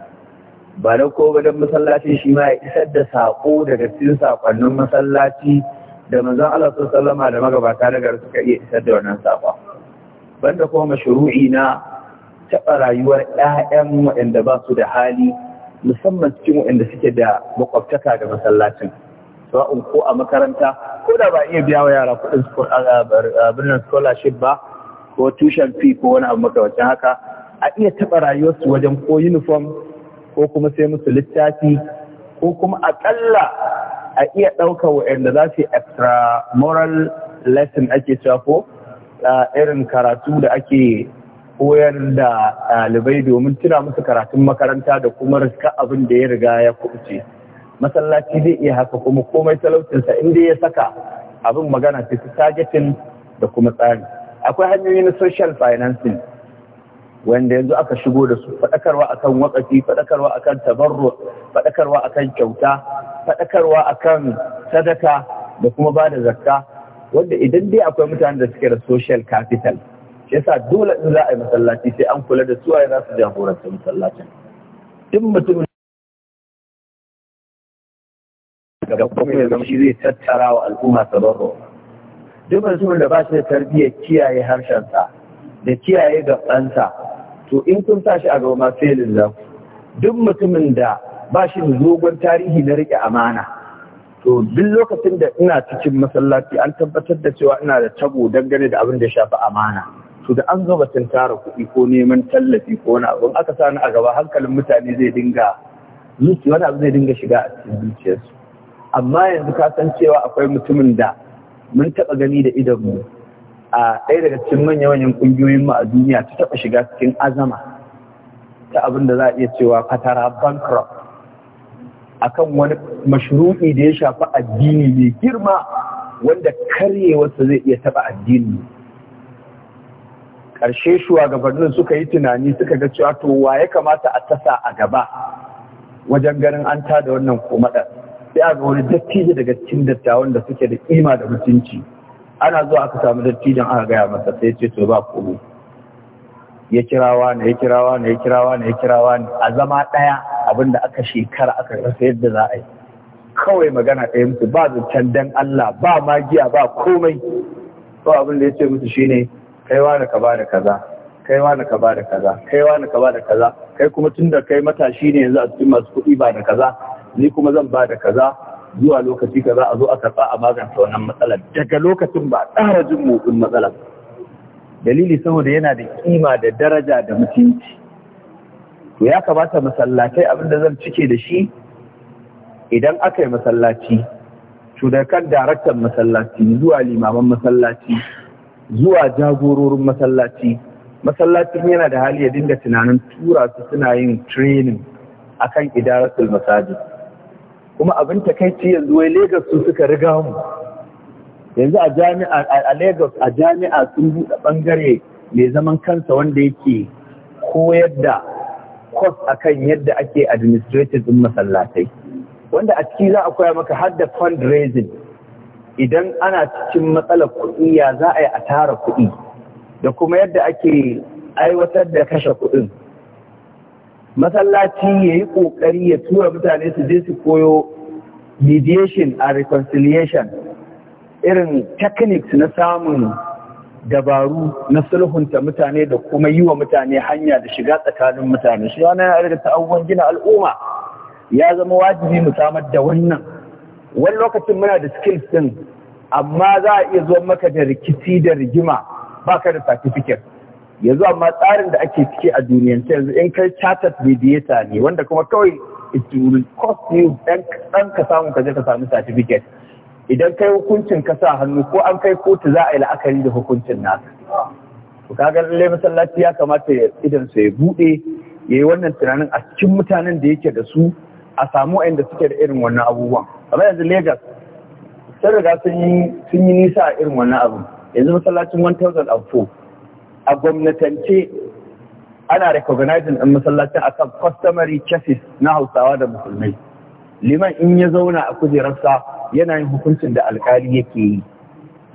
ba na ko don masallaci shi ma ya isar da saƙo daga cikin saƙonnin masallaci da manzon Allah sallama da magabata daga suka iya isar da wannan saƙo. banda kuma mashuru'i na taɓa rayuwar ƴaƴan waɗanda ba su da hali musamman cikin waɗanda suke da makwabtaka da masallacin sa'un ko a makaranta ko da ba iya biya wa yara kuɗin birnin scholarship ba ko tushen fi ko wani abu makawacin haka a iya taɓa rayuwarsu wajen ko uniform ko kuma sai musu littafi ko kuma aƙalla a iya ɗauka yadda za su yi extra moral lesson ake cewa ko irin karatu da ake koyar da ɗalibai domin tuna musu karatun makaranta da kuma riska abin da ya riga ya kuɓuce. masallaci zai iya haka kuma komai talaucinsa in inda ya saka abin magana fi ta targeting da kuma tsari akwai hanyoyi na social financing wanda yanzu aka shigo da su faɗakarwa akan wakafi faɗakarwa akan tabarru faɗakarwa akan kyauta faɗakarwa akan sadaka da kuma ba da zakka wanda idan dai akwai mutanen da suke da social capital shi yasa dole in za a yi masallaci sai an kula da su a za su jagoranta masallacin duk mutumin gaba kuma ya zama shi zai tattara wa al'umma tabarro duk mutumin da ba shi da tarbiyyar kiyaye harshensa da kiyaye gabansa to in kun sa shi a gaba ma failin za duk mutumin da ba shi da zogon tarihi na riƙe amana to duk lokacin da ina cikin masallaci an tabbatar da cewa ina da tabo dangane da abin da ya shafi amana to da an zo batun tara kuɗi ko neman tallafi ko wani abu aka sani a gaba hankalin mutane zai dinga zuciya wani abu zai dinga shiga a cikin zuciyarsu amma yanzu ka san cewa akwai mutumin da mun taɓa gani da idonmu a ɗaya daga cikin manyan manyan ƙungiyoyinmu a duniya ta taɓa shiga cikin azama ta abin da za a iya cewa fatara bankrupt akan wani mashru'i da ya shafi addini mai girma wanda karyewarsa zai iya taɓa addini ƙarshe shugabannin suka yi tunani suka ga cewa to wa ya kamata a tasa a gaba wajen ganin an tada wannan komaɗar sai aka wani dattijo daga cikin dattawan da suke da kima da mutunci ana zuwa aka samu dattijon aka gaya masa sai ce to ba komai ya kirawa ne ya kirawa ne ya kirawa ne ya kirawa ne a zama ɗaya abinda aka shekara aka rasa yadda za a yi kawai magana ɗaya musu ba zancen dan Allah ba magiya ba komai to abin da ya ce musu shine wa da ka ba da kaza wa da ka ba da kaza wa da ka ba da kaza kai kuma tun da kai matashi ne yanzu a cikin masu kuɗi ba da kaza ni kuma zan ba da kaza zuwa lokaci za a zo a karɓa a magance wannan matsalar daga lokacin ba a tsara jin motsin matsalar dalili saboda yana da kima da daraja da mutunci to ya kamata masallatai da zan cike da shi idan aka yi masallaci kan daraktan masallaci zuwa limaman masallaci zuwa jagororin masallaci masallaci yana da hali ya dinga tunanin tura su suna yin training akan idaratul masajid kuma abin takaici yanzu wai Lagos su suka riga mu yanzu a jami'a a Lagos a jami'a sun buɗe ɓangare mai zaman kansa wanda yake koyar da kwas akan yadda ake administrative din masallatai wanda a ciki za a koya maka har da fundraising idan ana cikin matsalar kuɗi ya za a yi a tara kuɗi da kuma yadda ake aiwatar da kashe kuɗin masallaci ya yi ƙoƙari ya tura mutane su je su koyo mediation a reconciliation irin techniques na samun dabaru na sulhunta mutane da kuma yi wa mutane hanya da shiga tsakanin mutane shi wani yana daga abubuwan gina al'umma ya zama wajibi mu samar da wannan wani lokacin muna da skills din amma za a iya zo maka da rikici da rigima baka da certificate yanzu amma tsarin da ake ciki a duniyance yanzu in kai chartered mediator ne wanda kuma kawai it will cost you dan ka samu ka je ka samu certificate idan kai hukuncin ka sa hannu ko an kai kotu za a yi la'akari da hukuncin naka to kaga lallai masallaci ya kamata ya idan ya bude yayi wannan tunanin a cikin mutanen da yake da su a samu inda suke da irin wannan abubuwan kamar yanzu Lagos sun riga sun yi nisa a irin wannan abu yanzu masallacin 1004 a gwamnatance ana recognizing ɗan masallacin kan customary chassis na hausawa da musulmai liman in ya zauna a kujerarsa yana yin hukuncin da alkali yake yi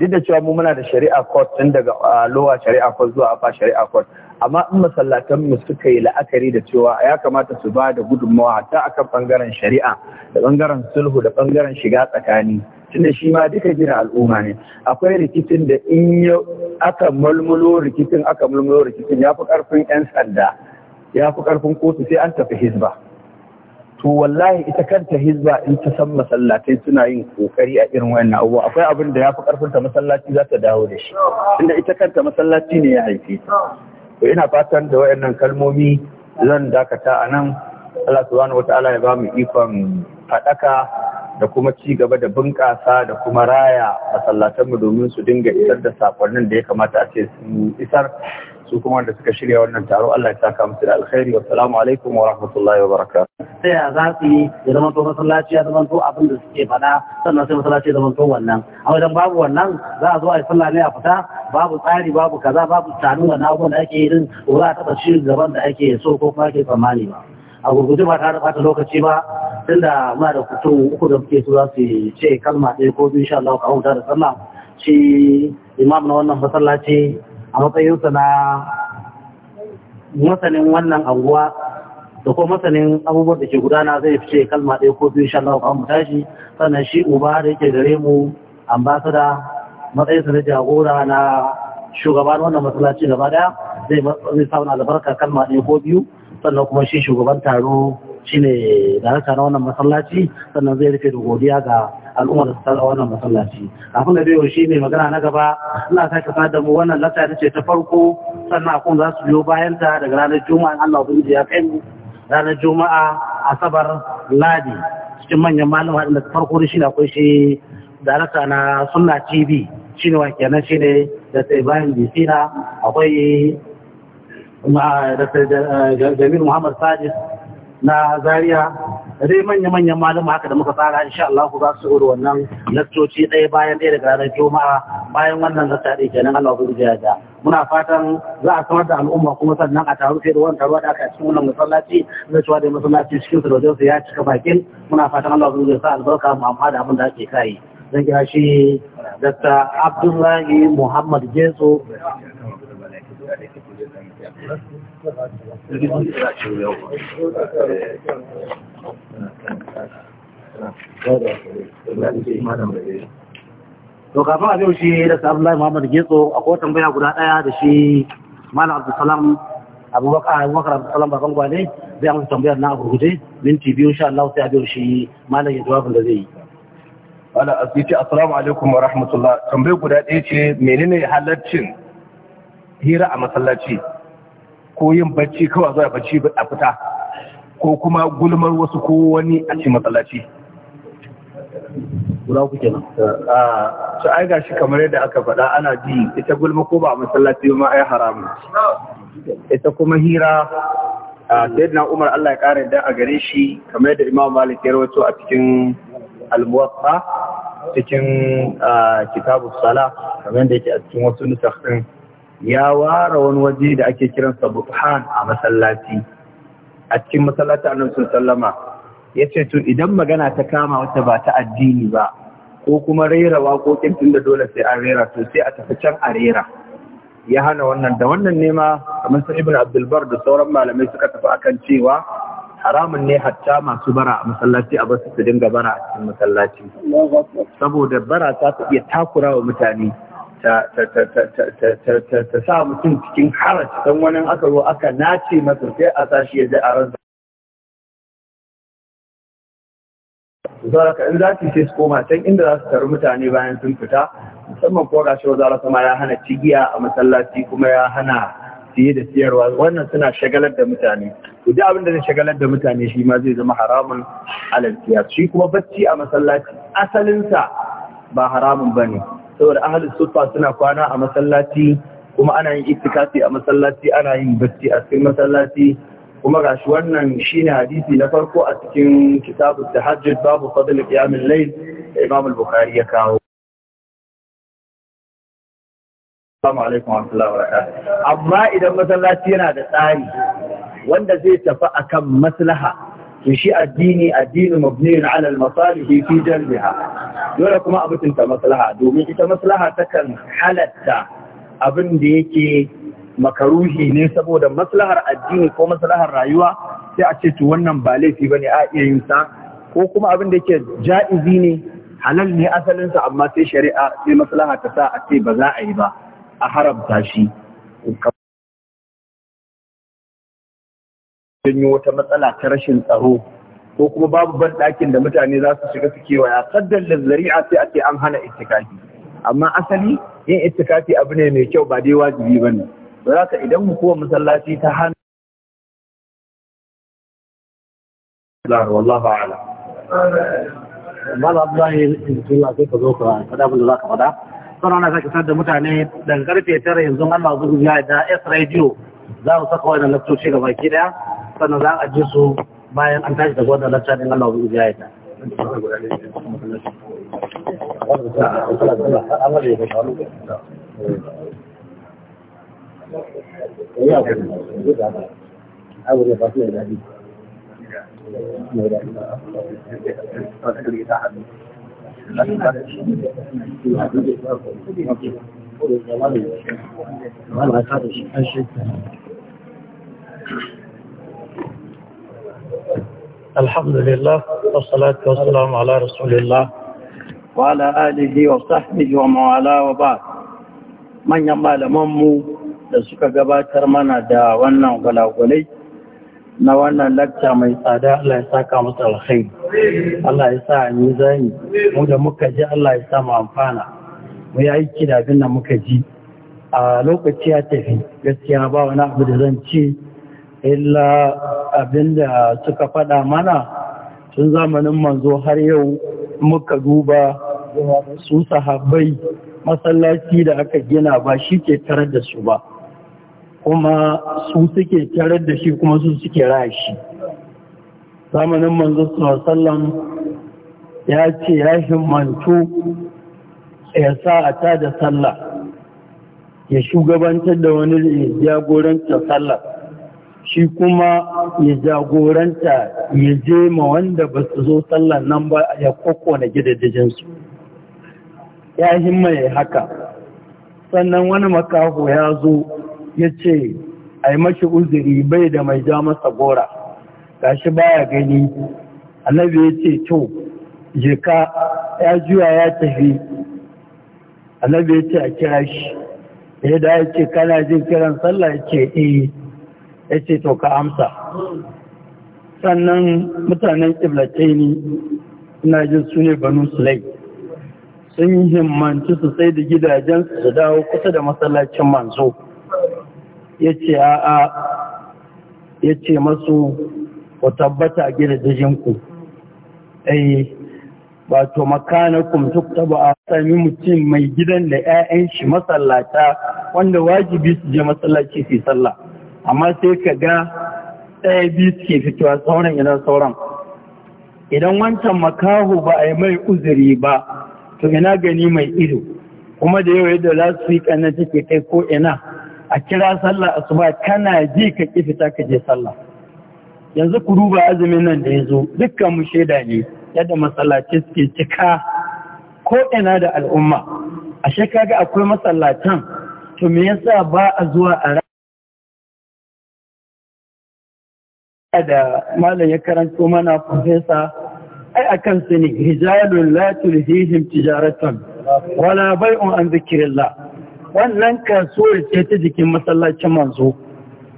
duk da cewa mu muna da shari'a court tun daga lowa shari'a court zuwa afa shari'a court amma in masallatan mu suka yi la'akari da cewa ya kamata su ba da gudunmawa hatta akan bangaren shari'a da bangaren sulhu da bangaren shiga tsakani tunda shi ma duka gina al'umma ne akwai rikicin da in ya aka mulmulo rikicin aka mulmulo rikicin ya fi ƙarfin 'yan sanda ya fi ƙarfin kotu sai an tafi hizba to wallahi ita kanta hizba in ta san masallatai suna yin kokari a irin wannan abubuwa akwai abin da ya fi karfin ta masallaci za ta dawo da shi inda ita kanta masallaci ne ya haife to ina fatan da wayannan kalmomi zan dakata a nan Allah subhanahu wata'ala ya ba mu ikon haɗaka. da kuma ci gaba da bunƙasa da kuma raya masallatanmu domin su dinga isar da sakonnin da ya kamata a ce sun isar su kuma wanda suka shirya wannan taro Allah ya saka musu da alkhairi wa salamu alaikum wa rahmatullahi wa barakatuh sai ya za su yi ya zama to masallaci ya zama to abin da suke faɗa sannan sai masallaci ya zama to wannan a wajen babu wannan za a zo a yi sallah ne a fita babu tsari babu kaza babu tsarin wannan abubuwan da ake yi din ba za a taɓa shirin gaban da ake so ko kuma ake tsammani ba a gurguje ba tare bata lokaci ba tunda muna da kutu uku da muke su za su ce kalma ɗaya ko biyu insha Allah ka huta da sallah shi imam na wannan masallaci a matsayinsa na masanin wannan anguwa da kuma masanin abubuwan da ke gudana zai fi ce kalma ɗaya ko biyu insha Allah ka huta shi sannan shi uba da yake gare mu ambasada matsayinsa na jagora na shugaban wannan masallaci gaba daya zai na albarka kalma ɗaya ko biyu sannan kuma shi shugaban taro shine haka na wannan masallaci sannan zai rufe da godiya ga al'ummar da a wannan masallaci abin da biyo shi ne magana na gaba ina sake fada da mu wannan lasa ita ce ta farko sannan akun za su biyo bayan ta daga ranar juma'a Allah ubangiji ya kai mu ranar juma'a asabar ladi cikin manyan malama da farko shi akwai shi daraka na sunna tv shine wa kenan ne da bayan Bisina akwai jamil muhammad Sajid na zaria dai manya-manyan malama haka da muka tsara insha Allah za su tsoro wannan lakcoci ɗaya bayan ɗaya daga ranar juma'a bayan wannan lakta ɗaya kenan Allah ku ya ga muna fatan za a samar da al'umma kuma sannan a taru sai da wani taruwa da aka cikin wannan masallaci zai cewa da masallaci cikin su da wajen su ya cika bakin muna fatan Allah ku ya sa albarka mu amma da abin da ake kai zan kira shi Dr. Abdullahi Muhammad Jesu to kafin abin shi da sabulai muhammad getso a kotun baya guda daya da shi malam abdulsalam abubakar abubakar abdulsalam bakan gwane zai amsa tambayar na gurguje minti biyu sha Allah sai abin shi malam ya jawabin da zai yi wala asiti assalamu alaikum wa rahmatullah tambayar guda ɗaya ce menene halaccin hira a masallaci ko yin bacci kawai zuwa bacci a fita ko kuma gulmar wasu ko wani a cikin matsalaci guda ku kenan a ah, su ai gashi kamar yadda aka faɗa ana ji ita gulma ko ba a masallaci ma ai haramu ita kuma hira a ah, sayyidina Umar Allah ya ƙara yadda a gare shi kamar yadda Imam Malik ya rawato a cikin al cikin ah, kitabu sala kamar yadda yake a cikin wasu nusa ya ware wani waje da ake kiransa buthan a masallaci a cikin masallaci annabi sallama ya ce to idan magana ta kama wata ba ta addini ba ko kuma rera waƙoƙin tun da dole sai an rera to sai a tafi can a rera ya hana wannan da wannan nema kamar sa ibn abdulbar da sauran malamai suka tafi akan cewa haramun ne hatta masu bara a masallaci a basu su dinga bara a cikin masallaci saboda bara ta iya takura wa mutane ta sa mutum cikin haraci don wani aka ruwa aka nace masa sai a sashi ya ji a ransa zaraka in za su sai su koma can inda za su taru mutane bayan sun fita musamman ko ga shi zara kuma ya hana cigiya a masallaci kuma ya hana siye da siyarwa wannan suna shagalar da mutane to duk abin da zai shagalar da mutane shi ma zai zama haramun alal shi kuma bacci a masallaci asalinsa ba haramun bane saboda ahalin sufa suna kwana a masallaci kuma ana yin itikafi a masallaci ana yin bacci a cikin masallaci kuma gashi wannan shine hadisi na farko a cikin kitabu tahajjud babu fadl qiyam al-layl da Imam al-Bukhari ya kawo Assalamu alaikum wa rahmatullahi wa barakatuh amma idan masallaci yana da tsari wanda zai tafi akan maslaha to shi addini addini mabniyin ala al-masalihi fi jalbiha dole kuma abin ta maslaha domin ita maslaha takan halatta abin da yake makaruhi ne saboda maslahar addini ko maslahar rayuwa sai a ce to wannan ba laifi bane a iya yin sa ko kuma abin da yake ja'izi ne halal ne asalin sa amma sai shari'a sai maslaha ta sa a ce ba za a yi ba a haramta shi janyo wata matsala ta rashin tsaro ko kuma babu banɗakin da mutane za su shiga su kewaya saddan da zari'a sai a an hana ittikafi amma asali yin ittikafi abu ne mai kyau ba dai wajibi ba ne ba za ka idan hukumar masallaci ta hana wallahu a'lam mala abdullahi bismillah sai ka zo ka faɗa abin da za ka faɗa sannan ana sake da mutane daga karfe tara yanzu Allah zuwa da S radio za mu saka wannan lakcoci ga baki daya sannan za a ji su bayan an tashi daga wannan lacca din Allah ya yi ta Thank you. الحمد لله والصلاة والسلام على رسول wa وعلى آله وصحبه وموالا وبعد من يمال ممو da suka gabatar mana da wannan gwalagwalai na wannan lakta mai tsada Allah ya saka masa alkhairi Allah ya sa ni zani mu da muka ji Allah ya sa mu amfana mu yi aiki da abin da muka ji a lokaci ya tafi gaskiya ba wani abu da zan ce illa abinda suka faɗa mana tun zamanin manzo har yau muka duba su sahabbai masallaci da aka gina ba shi ke tarar da su ba kuma su suke tarar da shi kuma su suke raya shi zamanin manzo sallam ya ce ya himmantu ya sa a ta da sallah ya shugabantar da wani jagorantar sallah shi kuma ya jagoranta ya je ma wanda ba su zo sallar nan ba ya na gidajensu ya himma ya haka sannan wani makaho ya zo ya ce a mashi uzuri bai da mai ja masa gora gashi baya gani annabi ya ce to jeka ya juya ya tafi annabi ya ce a kira shi ya da ya ce kana jin kiran sallah ya ce eh ya ce to ka amsa sannan mutanen ƙiblatai ne na jin su ne banu sulai sun yi himmanci su sai da gidajen su dawo kusa da masallacin manzo ya ce a'a ya ce masu ku tabbata a gidajenku ai wato makanakum taba a sami mutum mai gidan da 'ya'yan shi masallata wanda wajibi su je masallaci fi sallah amma sai ka ga ɗaya biyu ke fitowa sauran idan sauran idan wancan makaho ba a yi mai uzuri ba to ina gani mai ido kuma da yawa yadda za su yi kanan take kai ko ina a kira sallah asuba kana ji ka ki fita ka je sallah yanzu ku duba azumin nan da ya zo dukkan mu shaida ne yadda masallaci suke cika ko ina da al'umma ashe kaga akwai masallacin? to me yasa ba a zuwa a da malam ya karanto mana profesa ai akan su ne la tulhihim tijaratan wala bai'un an zikrillah wannan kasuwar ce ta jikin masallacin manzo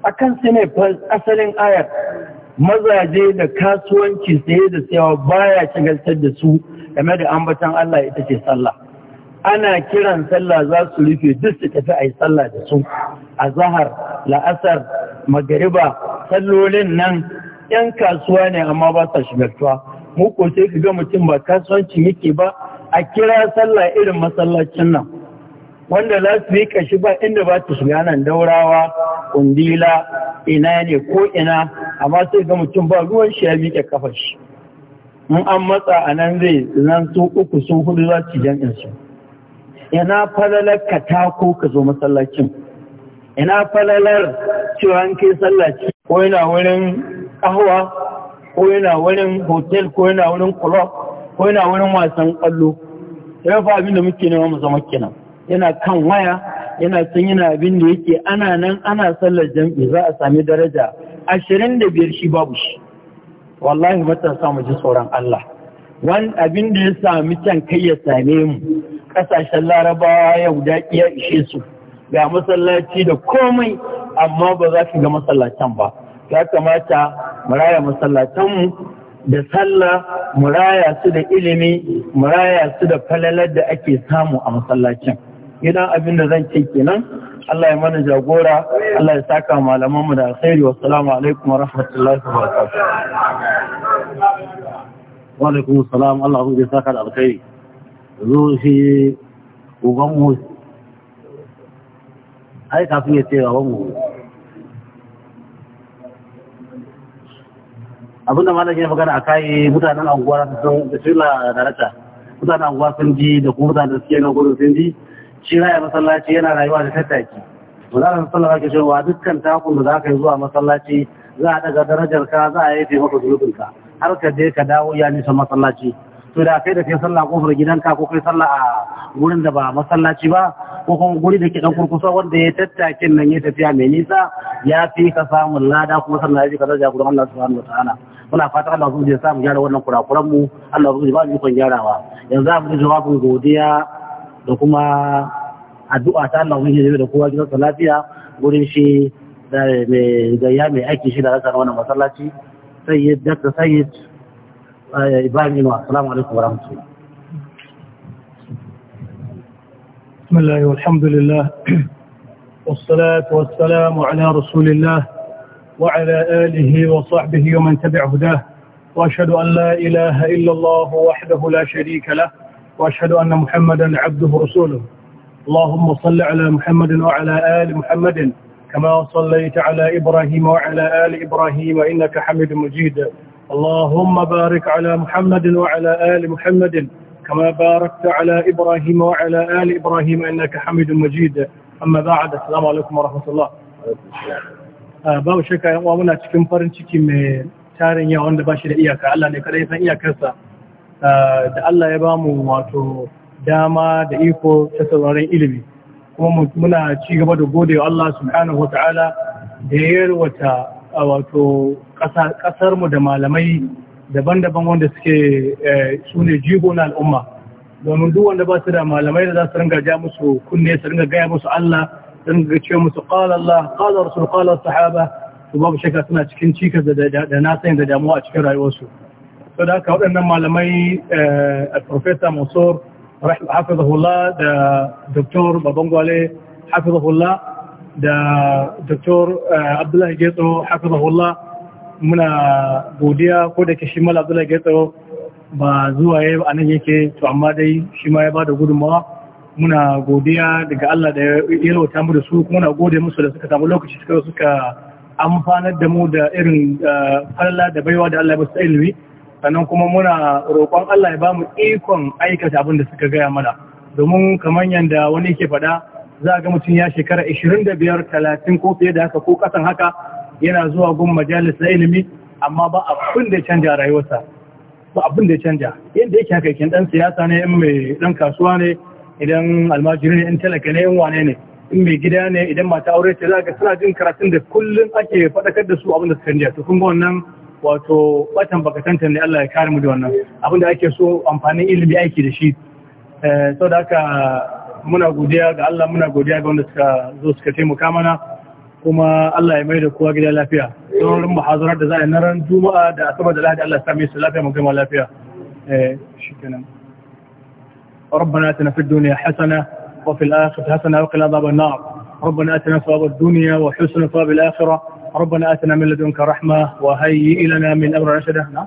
akan su ne asalin ayar mazaje da kasuwanci saye da sayawa baya shagaltar da su game da ambatan Allah ita ce sallah ana kiran sallah za su rufe duk su tafi a sallah da su azahar la'asar magariba sallolin nan yan kasuwa ne amma ba sa shigartuwa mu ko sai ka ga mutum ba kasuwanci yake ba a kira sallah irin masallacin nan wanda za su yi kashi ba inda ba ta shiga nan daurawa kundila ina ne ko ina amma sai ga mutum ba ruwan shi ya miƙe kafar shi in an matsa a nan zai nan su uku sun hudu za su jam'in su yana falalar katako ka zo masallacin ina falalar cewa an kai sallaci ko yana wurin kahwa ko yana wurin hotel ko yana wurin club ko yana wurin wasan kwallo sai fa abin da muke nema mu zama kenan yana kan waya yana can yana abin da yake ana nan ana sallar jam'i za a sami daraja ashirin da biyar shi babu shi wallahi matasa mu ji tsoron Allah wani abin da ya sami can kai ya same mu ƙasashen larabawa yau guda ya ishe su ga masallaci da komai amma ba za ki ga masallacin ba ya kamata mu raya masallatanmu da sallah mu raya su da ilimi mu raya su da falalar da ake samu a masallacin Idan abin da zan ce kenan Allah ya mana jagora Allah ya saka malaman mu da alkhairi wa assalamu alaikum wa rahmatullahi wa barakatuh wa alaikum assalam Allah ya saka da alkhairi zo shi uban mu ai kafin ya ce wa abin da malamin ya magana a kayi mutanen anguwa su san da shi la darata mutanen anguwa sun ji da kuma mutanen suke nan gurin sun ji shi raya masallaci yana rayuwa da tattaki ka sallama ke cewa dukkan takun da za ka yi zuwa masallaci za a daga darajar ka za a yi yafe maka ka. har ka je ka dawo ya nisa masallaci to da kai da kai sallah kofar gidanka ko kai sallah a gurin da ba masallaci ba ko kuma guri da ke dan kurkusa wanda ya tattakin nan ya tafiya mai nisa ya fi ka samun lada kuma sallah ya ka daraja gurin Allah subhanahu wataala muna fata Allah zai sa mu gyara wannan kurakuran mu Allah zai ba mu ikon gyarawa yanzu mu ji jawabin godiya da kuma addu'a ta Allah zai da kowa gidansa lafiya gurin shi da mai gayya mai aiki shi da rasa wannan masallaci sayyid dr sayyid آه، إبراهيم جماعة السلام عليكم ورحمة الله بسم الله والحمد لله والصلاة والسلام على رسول الله وعلى آله وصحبه ومن تبع هداه وأشهد أن لا إله إلا الله وحده لا شريك له وأشهد أن محمدا عبده ورسوله اللهم صل على محمد وعلى آل محمد كما صليت على إبراهيم وعلى آل إبراهيم إنك حميد مجيد اللهم بارك على محمد وعلى آل محمد كما باركت على إبراهيم وعلى آل إبراهيم إنك حميد مجيد أما بعد السلام عليكم ورحمة الله babu shakka yan uwa muna cikin farin ciki mai tarin yawa wanda ba shi da iyaka Allah ne kadai san iyakarsa ah, da Allah ya bamu wato dama da iko ta sauraron ilimi kuma muna ci gaba da gode wa Allah subhanahu wa ta'ala da ya yarwata a wato mu da malamai daban-daban wanda suke eh, su ne jigo na al'umma domin duk wanda ba su da malamai da za su ringa ja musu kunne su ringa gaya musu Allah su ringa ce musu qala Allah qala rasul qala sahaba to babu shakka suna cikin cikas da na sani da damuwa a cikin rayuwarsu to da haka waɗannan malamai eh, professor Mansur hafizahullah da Dr. Babangwale hafizahullah da Dr. Eh, Abdullahi Getso hafizahullah muna godiya ko da ke shi mala Abdullahi Getso ba zuwa ya a nan yake to amma dai shi ma ya bada gudunmawa muna godiya daga Allah da ya rauta mu da su kuma na gode musu da suka samu lokaci suka suka amfanar da mu da irin eh, falala da baiwa da Allah ya basu ilimi sannan kuma muna roƙon Allah ya ba mu ikon aikata abin da suka gaya mana domin kamar yadda wani yake faɗa za ga mutum ya shekara 25 30 ko fiye da haka ko kasan haka yana zuwa gun majalis na ilimi amma ba abin da ya canja rayuwarsa ba abin da ya canja yadda yake haka yake dan siyasa ne in mai dan kasuwa ne idan almajiri ne in talaka ne in wane ne in mai gida ne idan mata aure ce za ga suna jin karatun da kullum ake faɗakar da su abin da su canja to kun ga wannan wato batan bakatanta ne Allah ya kare mu da wannan abin da ake so amfanin ilimi aiki da shi eh, saboda haka muna godiya ga Allah muna godiya ga wanda suka zo suka taimaka mana kuma Allah ya mai da kowa gida lafiya sauran muhazarar da za a yi na ran juma'a da asabar da lahadi Allah ya same su lafiya mu gama lafiya eh, shikenan ربنا اتنا في الدنيا حسنه وفي الاخره حسنه وقنا عذاب النار ربنا اتنا ثواب الدنيا وحسن ثواب الاخره ربنا اتنا من لدنك رحمه وهيئ لنا من امر رشدا نعم